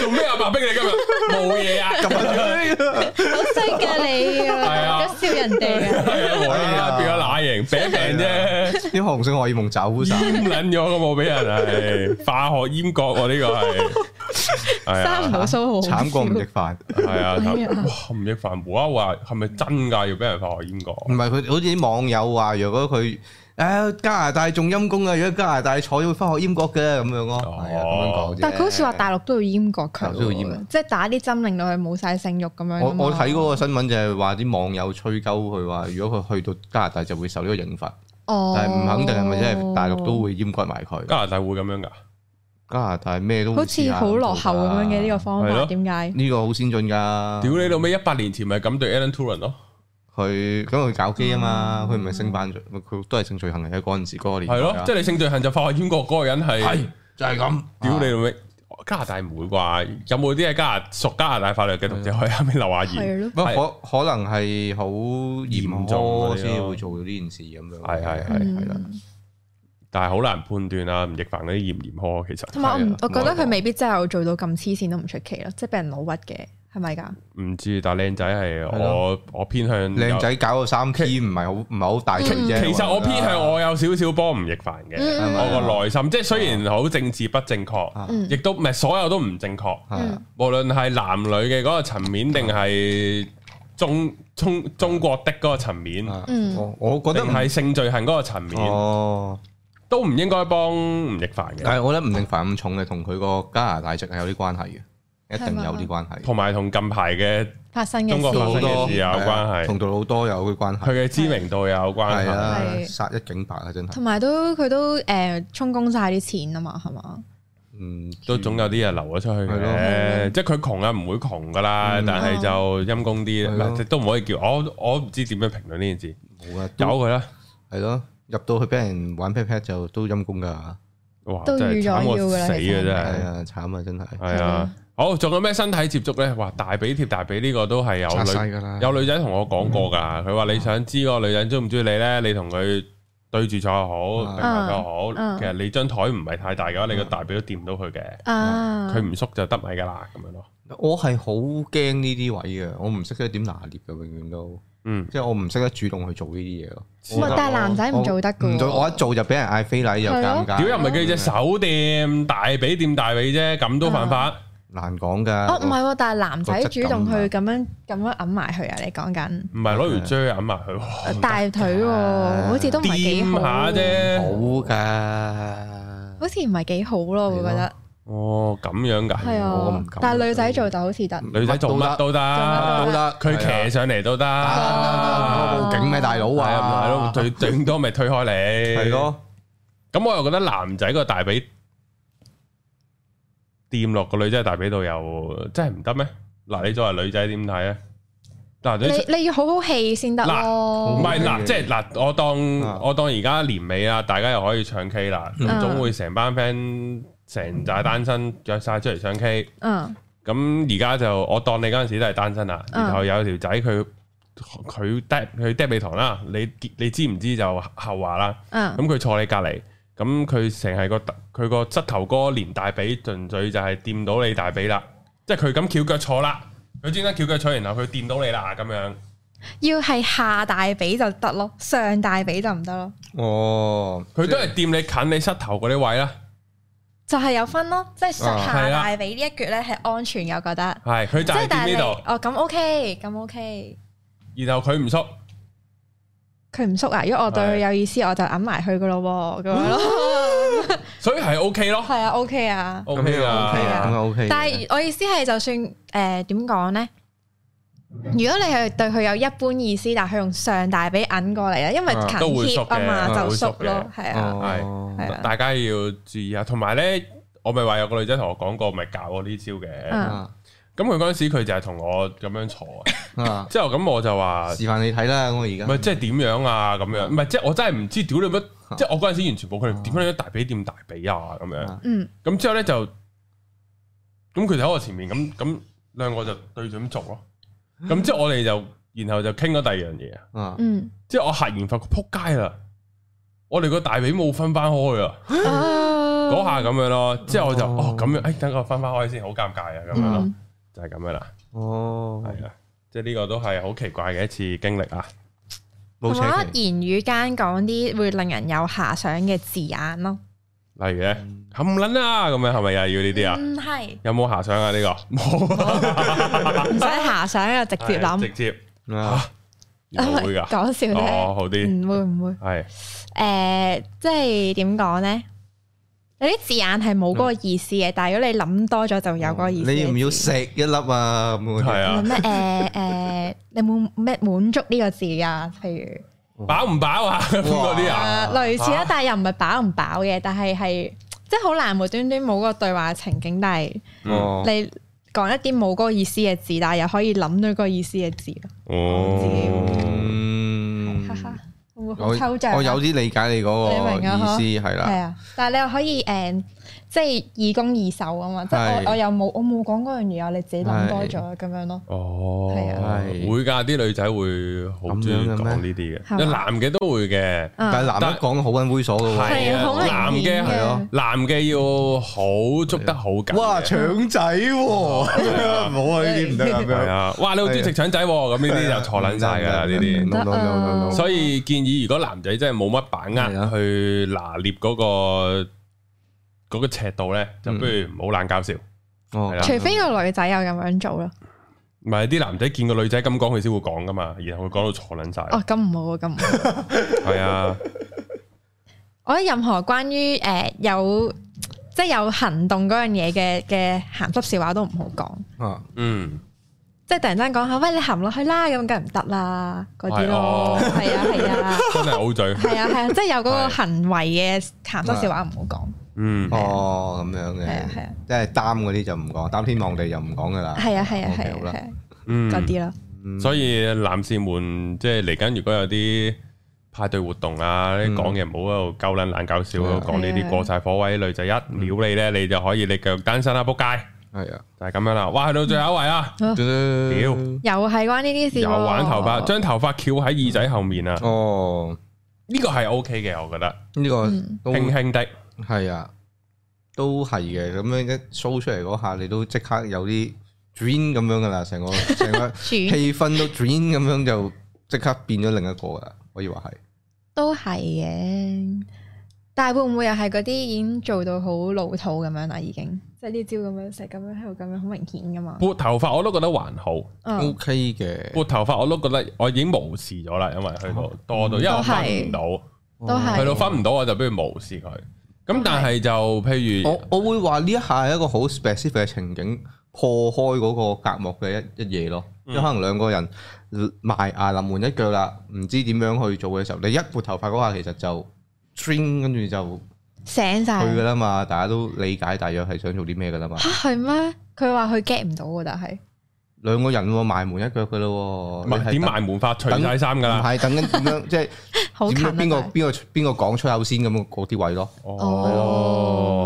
做咩啊，白兵你今日冇嘢啊？咁樣好衰噶你，而家笑人哋啊？係啊，變咗乸型，病病啫。啲紅色荷爾蒙走，煙捻咗咁我俾人係化學閹割喎，呢個係。係啊，生唔到鬚好慘過吳亦凡。係啊，哇吳亦凡冇啊。包話係咪真噶，要俾人化學閹割？唔係佢好似啲網友話，如果佢誒、哎、加拿大仲陰公嘅，如果加拿大坐咗會化學閹割嘅咁樣咯。係、哦、啊，咁樣講，但係佢好似話大陸都要閹割，要閹即係打啲針令到佢冇晒性欲咁樣。我我睇嗰個新聞就係話啲網友吹鳩佢話，如果佢去到加拿大就會受呢個刑罰，哦、但係唔肯定係咪真係大陸都會閹割埋佢。加拿大會咁樣噶？加拿大咩都好似好落後咁樣嘅呢個方法，點解呢個好先進噶？屌你老味一百年前咪咁對 Alan Turing 咯，佢咁佢搞基啊嘛，佢唔係性犯罪，佢都係性罪行嚟嘅嗰陣時嗰個年係咯，即係你性罪行就發喺英國嗰個人係係就係咁，屌你老味加拿大唔會啩？有冇啲係加拿屬加拿大法律嘅同志可以後尾留下言？係咯，可可能係好嚴重先會做呢件事咁樣。係係係係啦。但係好難判斷啊。吳亦凡嗰啲嚴唔嚴苛，其實同埋我唔，我覺得佢未必真係有做到咁黐線都唔出奇咯，即係被人老屈嘅，係咪噶？唔知，但係靚仔係我我偏向靚仔搞到三 K，唔係好唔係好大啫。其實我偏向我有少少幫吳亦凡嘅，我個內心即係雖然好政治不正確，亦都唔係所有都唔正確，無論係男女嘅嗰個層面，定係中中中國的嗰個層面，我覺得係性罪行嗰個層面。都唔應該幫吳亦凡嘅，但係我覺得吳亦凡咁重嘅，同佢個加拿大籍係有啲關係嘅，一定有啲關係。同埋同近排嘅發生嘅好多事有關係，同杜好多有嘅關係，佢嘅知名度有關係啦，殺一儆百啊，真係。同埋都佢都誒充公晒啲錢啊嘛，係嘛？嗯，都總有啲嘢流咗出去嘅，即係佢窮啊，唔會窮噶啦，但係就陰公啲，都唔可以叫我，我唔知點樣評論呢件事。冇啊，有佢啦，係咯。入到去俾人玩 pat pat 就都陰公噶，哇！都預我死嘅真係，係啊，慘啊，真係，係啊。好，仲有咩身體接觸咧？哇，大髀貼大髀呢個都係有女，有女仔同我講過噶。佢話你想知個女人中唔中意你咧，你同佢對住坐又好，並排坐又好。其實你張台唔係太大嘅話，你個大髀都掂到佢嘅。啊，佢唔縮就得咪噶啦，咁樣咯。我係好驚呢啲位嘅，我唔識得點拿捏嘅，永遠都。嗯，即係我唔識得主動去做呢啲嘢咯。咁啊，但係男仔唔做得嘅。唔、oh, 做，我一做就俾人嗌非禮又尷尬。屌又唔係叫隻手掂大髀掂大髀啫，咁都犯法對、哦、難講噶。哦，唔係喎，但係男仔主動去咁樣咁樣揞埋佢啊？你講緊？唔係攞條遮揞埋佢。大腿喎，好似都唔係幾好下啫，好噶。好似唔係幾好咯，我覺得。哦，咁樣噶，係啊，但係女仔做就好似得，女仔做乜都得，得，佢騎上嚟都得，報警咩大佬位啊？咪咯，最頂多咪推開你，係咯。咁我又覺得男仔個大髀掂落個女仔個大髀度又真係唔得咩？嗱，你作為女仔點睇啊？嗱，你你要好好氣先得嗱，唔係嗱，即係嗱，我當我當而家年尾啊，大家又可以唱 K 啦，咁總會成班 friend。成紮單身約晒出嚟上 K，咁而家就我當你嗰陣時都係單身啦。嗯、然後有條仔佢佢爹佢爹你堂啦，你你知唔知就後話啦？咁佢、嗯、坐你隔離，咁佢成係個佢個膝頭哥連大髀純粹就係掂到你大髀啦。即係佢咁翹腳坐啦，佢專登翹腳坐，然後佢掂到你啦咁樣。要係下大髀就得咯，上大髀就唔得咯。哦，佢都係掂你近你膝頭嗰啲位啦。就係有分咯，即係縮下大髀呢一橛咧，係安全嘅，啊、我覺得。係，佢就係喺呢度。哦，咁 OK，咁 OK。然後佢唔縮，佢唔縮啊！因為我對佢有意思，是我就揞埋佢嘅咯，咁樣咯。 所以係 OK 咯。係啊，OK 啊。OK 啊，OK 啊。但係我意思係，就算誒點講咧？呃如果你係對佢有一般意思，但係佢用上大髀引過嚟啊，因為緊貼啊嘛，就縮咯，係啊，係大家要注意啊。同埋咧，我咪話有個女仔同我講過，咪教我呢招嘅。咁佢嗰陣時佢就係同我咁樣坐啊。之後咁我就話示範你睇啦。我而家唔係即係點樣啊？咁樣唔係即係我真係唔知屌你乜？即係我嗰陣時完全冇佢哋點樣大髀掂大髀啊？咁樣嗯，咁之後咧就咁佢就喺我前面咁咁兩個就對住咁做咯。咁之後我哋就，然後就傾咗第二樣嘢啊，嗯，即係我吓然發覺扑街啦，我哋個大髀冇分翻開啊，嗰下咁樣咯，即係我就哦咁、哦、樣，誒、哎、等我分翻開先，好尷尬啊咁樣咯，嗯、就係咁樣啦，哦，係啊，即係呢個都係好奇怪嘅一次經歷啊，冇錯，言語間講啲會令人有遐想嘅字眼咯。係嘅冚卵啊，咁樣係咪啊？又要呢啲啊？嗯係。有冇遐想啊？呢個冇啊，唔使遐想啊，直接諗。直接吓唔會噶？講笑啫。哦好啲。唔會唔會係？誒，即係點講咧？有啲字眼係冇嗰個意思嘅，但係如果你諗多咗，就有嗰個意思。你要唔要食一粒啊？係啊。咩？誒誒，你冇咩滿足呢個字噶？譬如。飽唔飽啊？啲 啊哇， 類似啦，但係又唔係飽唔飽嘅，但係係即係好難無端端冇個對話情景，但係你講一啲冇嗰個意思嘅字，但係又可以諗到嗰個意思嘅字咯。哈哈、嗯，唔知嗯、 會唔會好抽象？我，我有啲理解你嗰個意思係啦，但係你又可以誒。嗯即係二公二守啊嘛！即係我又冇我冇講嗰樣嘢啊！你自己諗多咗咁樣咯。哦，係啊，會噶啲女仔會好中意講呢啲嘅，男嘅都會嘅，但係男嘅講得好鬼猥瑣，係啊，男嘅係咯，男嘅要好捉得好緊。哇，腸仔，唔好啊，呢啲唔得啊！係啊，哇，你好中意食腸仔咁，呢啲就坐捻晒噶啦呢啲。所以建議如果男仔真係冇乜把握去拿捏嗰個。嗰個尺度咧，就不如唔好懶搞笑。除非個女仔又咁樣做咯，唔係啲男仔見個女仔咁講，佢先會講噶嘛，然後會講到坐捻仔。哦，咁唔好，咁唔好。係啊，我覺得任何關於誒，有即係有行動嗰樣嘢嘅嘅鹹濕笑話都唔好講。嗯，即係突然間講下，喂，你含落去啦，咁梗唔得啦，嗰啲咯，係啊，係啊，真係好嘴。係啊，係啊，即係有嗰個行為嘅鹹濕笑話唔好講。嗯，哦，咁樣嘅，係啊係啊，即係擔嗰啲就唔講，擔天望地就唔講噶啦，係啊係啊係啊，嗯，嗰啲咯。所以男士們，即係嚟緊如果有啲派對活動啊，啲講嘢唔好喺度鳩撚爛搞笑，講呢啲過晒火位，女仔一秒你咧，你就可以你繼續單身啦，扑街，係啊，就係咁樣啦。哇，去到最後一位啊，屌，又係玩呢啲事，又玩頭髮，將頭髮翹喺耳仔後面啊。哦，呢個係 OK 嘅，我覺得呢個輕輕的。係啊，都係嘅。咁樣一 show 出嚟嗰下，你都即刻有啲 dream 咁樣噶啦，成個成個氣氛都 dream 咁樣，就即刻變咗另一個噶，可以話係。都係嘅，但係會唔會又係嗰啲已經做到好老土咁樣啦？已經即係呢招咁樣，使咁樣喺度，咁樣好明顯噶嘛。撥頭髮我都覺得還好，OK 嘅。撥頭髮我都覺得我已經無視咗啦，因為去到多到，因為分唔到，都係去到分唔到，我就不如無視佢。咁但係就但是譬如，我我會話呢一下係一個好 specific 嘅情景，破開嗰個隔膜嘅一一嘢咯。即可能兩個人埋牙臨門一腳啦，唔知點樣去做嘅時候，你一撥頭髮嗰下其實就 train，跟住就醒晒去噶啦嘛。大家都理解大約係想做啲咩噶啦嘛。吓，係咩？佢話佢 get 唔到喎，但係兩個人埋門一腳噶咯，點埋門法？除晒衫噶啦，唔係等緊點樣即係？ 點解邊個邊個邊個講出口先咁，嗰啲位咯？哦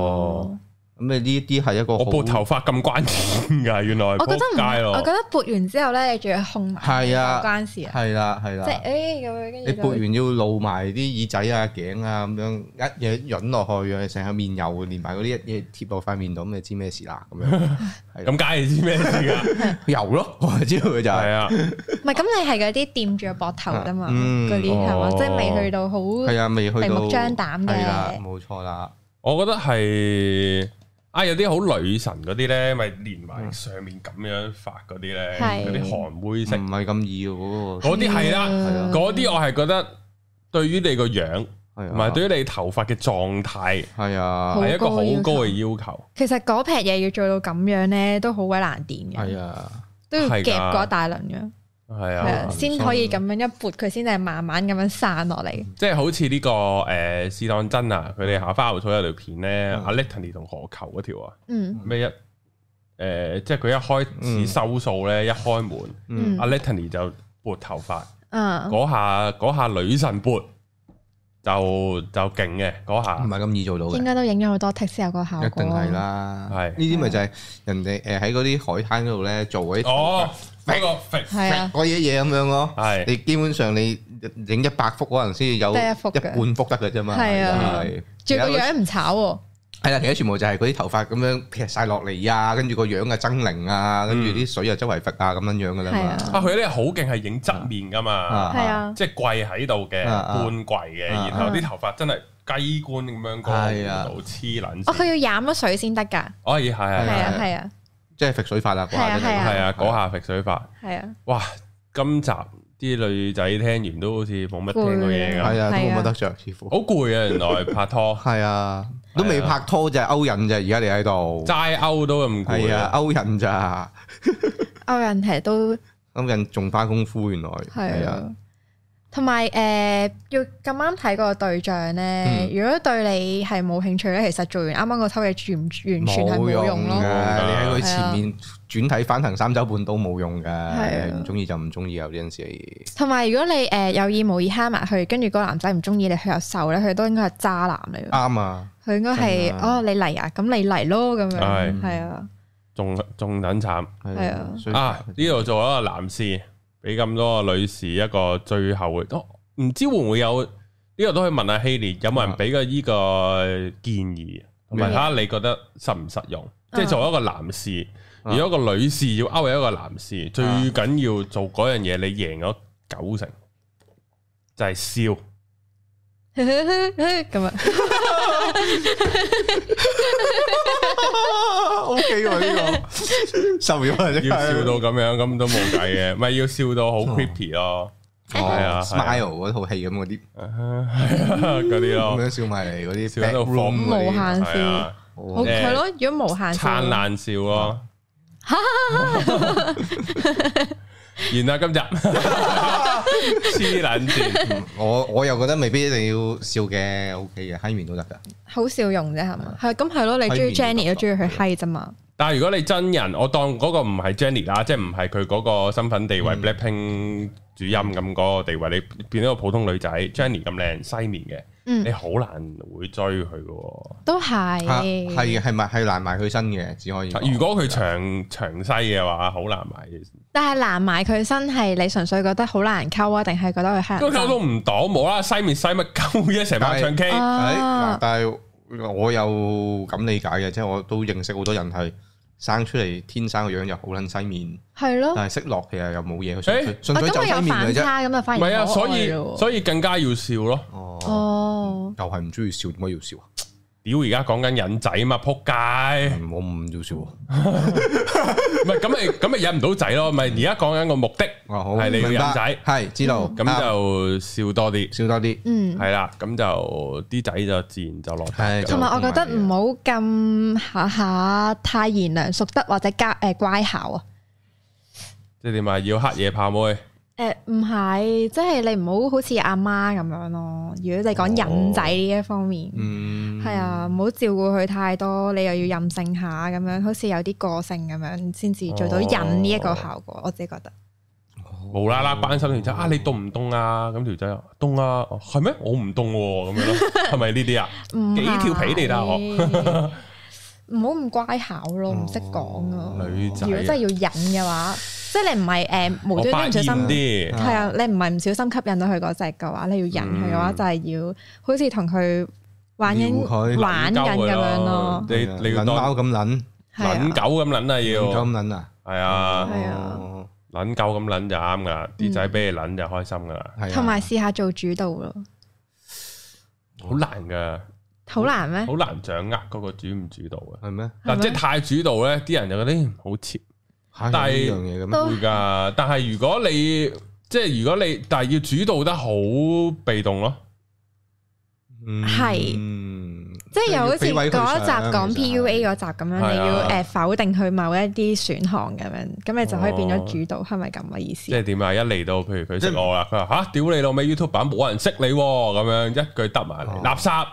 咁你呢啲係一個我撥頭髮咁關鍵㗎，原來我覺得唔，我覺得撥完之後咧，你仲要控埋，係啊，關事啊，係啦，係啦，即係誒咁樣，跟住你撥完要露埋啲耳仔啊、頸啊咁樣一嘢潤落去啊，成個面油連埋嗰啲一嘢貼落塊面度，咁你知咩事啦，咁樣咁解，你知咩事㗎？油咯，我知道佢就係啊，唔係咁，你係嗰啲掂住個膊頭㗎嘛，嗰啲係嘛，即係未去到好係啊，未去到明目張膽嘅，冇錯啦，我覺得係。啊！有啲好女神嗰啲咧，咪連埋上，上面咁樣發嗰啲咧，嗰啲、嗯、韓妹式唔係咁易。嗰啲係啦，嗰啲的我係覺得對於你個樣，同埋的對於你頭髮嘅狀態，係啊的，係一個好高嘅要求。其實嗰撇嘢要做到咁樣咧，都好鬼難點難電嘅，啊的，都要夾嗰一大輪嘅。係啊，先可以咁樣一撥佢，先係慢慢咁樣散落嚟。即係好似呢個誒，試當真啊，佢哋下花後草有條片咧，阿 letany 同何球嗰條啊，咩一誒，即係佢一開始收數咧，一開門，阿 letany 就撥頭髮，嗰下嗰下女神撥就就勁嘅，嗰下唔係咁易做到嘅，應該都影咗好多 take 先有嗰個效果，一定係啦，係呢啲咪就係人哋誒喺嗰啲海灘嗰度咧做嗰啲。搵個搵個嘢嘢咁樣咯，係你基本上你影一百幅可能先有一半幅得嘅啫嘛。係啊，仲有個樣唔炒。係啊，其他全部就係嗰啲頭髮咁樣劈晒落嚟啊，跟住個樣嘅猙獰啊，跟住啲水又周圍佛啊咁樣樣噶啦嘛。啊，佢啲好勁，係影側面噶嘛，係啊，即係跪喺度嘅，半跪嘅，然後啲頭髮真係雞冠咁樣，過唔到黐撚。哦，佢要飲咗水先得噶。哦，而係係啊，係啊。即係劈水法啦，係啊，係啊，嗰下劈水法，係啊，哇！今集啲女仔聽完都好似冇乜聽過嘢咁，係啊，都冇乜得着，似乎好攰啊！原來拍拖，係啊，都未拍拖就係勾引啫，而家你喺度齋勾都咁攰啊，勾引咋？勾引其實都勾引仲花功夫，原來係啊。同埋誒要咁啱睇個對象咧，如果對你係冇興趣咧，其實做完啱啱個偷嘢完全係冇用咯。用你喺佢前面轉體翻騰三周半都冇用噶，唔中意就唔中意，有啲陣時。同埋如果你誒、呃、有意無意蝦埋佢，跟住個男仔唔中意你，佢又瘦咧，佢都應該係渣男嚟。啱啊！佢應該係的哦，你嚟啊！咁你嚟咯，咁樣。係、嗯。啊。仲仲等慘係啊！啊呢度做一個男士。俾咁多個女士一個最後會，都、哦、唔知會唔會有呢個都可以問下 Hailee，有冇人俾個呢個建議？同埋睇下、啊、你覺得實唔實用？即係作為一個男士，啊、如果一個女士要勾一個男士，啊、最緊要做嗰樣嘢，你贏咗九成，就係、是、笑。咁啊！O K 喎呢個十秒， 要笑到咁樣，咁都冇計嘅，咪要笑到好 creepy 咯，係、哦、啊、哦、啊，smile 嗰套戲咁嗰啲，嗰啲咯，咁樣笑埋嚟嗰啲，笑喺度放無限笑、嗯，係咯，如果無限笑，燦爛笑咯、啊。然啦！今日黐捻住， 我我又覺得未必一定要笑嘅，OK 嘅，西面都得噶。好笑容啫，係嘛？係咁係咯，你中意 Jenny 都中意佢西啫嘛。但係如果你真人，我當嗰個唔係 Jenny 啦，即係唔係佢嗰個身份地位、嗯、Blackpink 主音咁嗰個地位，你變咗個普通女仔，Jenny 咁靚，西面嘅。嗯，你好難會追佢嘅喎，都係係係咪係難埋佢身嘅，只可以。如果佢長長西嘅話，好難埋嘅。但係難埋佢身係你純粹覺得好難溝啊，定係覺得佢黑人？溝都唔到，冇啦，西面西咪溝 一成班唱 K。但係是、啊、我有咁理解嘅，即係我都認識好多人係。生出嚟天生個樣又好撚西面，係咯的，但係識落其實又冇嘢，佢純粹、欸、就西面嘅啫。咁又反而唔係啊，所以所以更加要笑咯。哦，又係唔中意笑，點解要笑啊？屌而家講緊引仔嘛，撲街！唔好唔住笑、， 就是，唔係咁咪咁咪引唔到仔咯，咪而家講緊個目的，係、哦、你要引仔，係白、嗯、知道，咁、嗯、就笑多啲，笑多啲，嗯，係啦，咁就啲仔就自然就落台。同埋的，我覺得唔好咁下下太賢良淑德或者格誒乖巧啊，即係點啊？要黑夜炮妹。誒，唔係、呃，即係你唔好好似阿媽咁樣咯。如果你講引仔呢一方面，係、哦嗯、啊，唔好照顧佢太多，你又要任性下咁樣，好似有啲個性咁樣，先至做到引呢一個效果。哦、我自己覺得，哦、無啦啦關心條仔啊，你凍唔凍啊？咁條仔凍啊，係咩？我唔凍喎，咁樣咯，係咪呢啲啊？幾調皮嚟啦，唔好咁乖巧咯，唔識講啊。女仔如果真係要引嘅話。即係你唔係誒無端端唔小心，係啊！你唔係唔小心吸引到佢嗰隻嘅話，你要引佢嘅話，就係要好似同佢玩緊佢玩緊咁樣咯。你你要當貓咁撚，撚狗咁撚啊要，撚狗咁撚啊，係啊，撚狗咁撚就啱噶啦。啲仔俾你撚就開心噶啦。同埋試下做主導咯，好難噶，好難咩？好難掌握嗰個主唔主導啊，係咩？嗱，即係太主導咧，啲人就覺得好黐。但係樣嘢嘅咩？會噶，但係如果你即係如果你，但係要主導得好被動咯，係是，即係又好似嗰集講 P.U.A 嗰集咁樣，你要誒、呃、否定佢某一啲選項咁樣，咁、啊、你就可以變咗主導，係咪咁嘅意思？即係點啊？一嚟到，譬如佢識我啦，佢話吓屌你老味 YouTube 版冇人識你咁、啊、樣一句得埋嚟，垃圾、啊。啊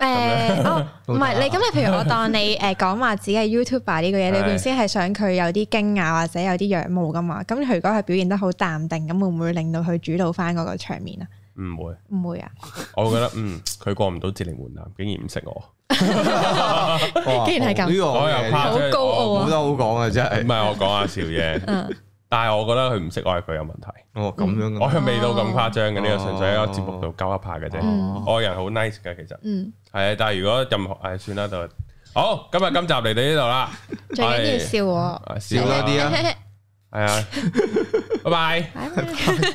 誒， 哦，唔係你咁，你譬如我當你誒講話自己 YouTuber 呢個嘢，你原先係想佢有啲驚訝或者有啲仰慕噶嘛？咁如果佢表現得好淡定，咁會唔會令到佢主導翻嗰個場面啊？唔會，唔會啊！我會覺得，嗯，佢過唔到智力門檻，竟然唔識我， 哇竟然係咁，呢、這個我又怕是高好高傲啊，好多好講嘅真係，唔係 我講阿少爺。 但係我覺得佢唔識愛佢有問題。哦，咁樣，我係未到咁誇張嘅，呢個純粹喺個節目度交一拍嘅啫。我人好 nice 嘅，其實，嗯，係啊。但係如果任何，誒，算啦，就好。今日今集嚟到呢度啦，最緊要笑我，笑多啲啊，係啊，拜拜。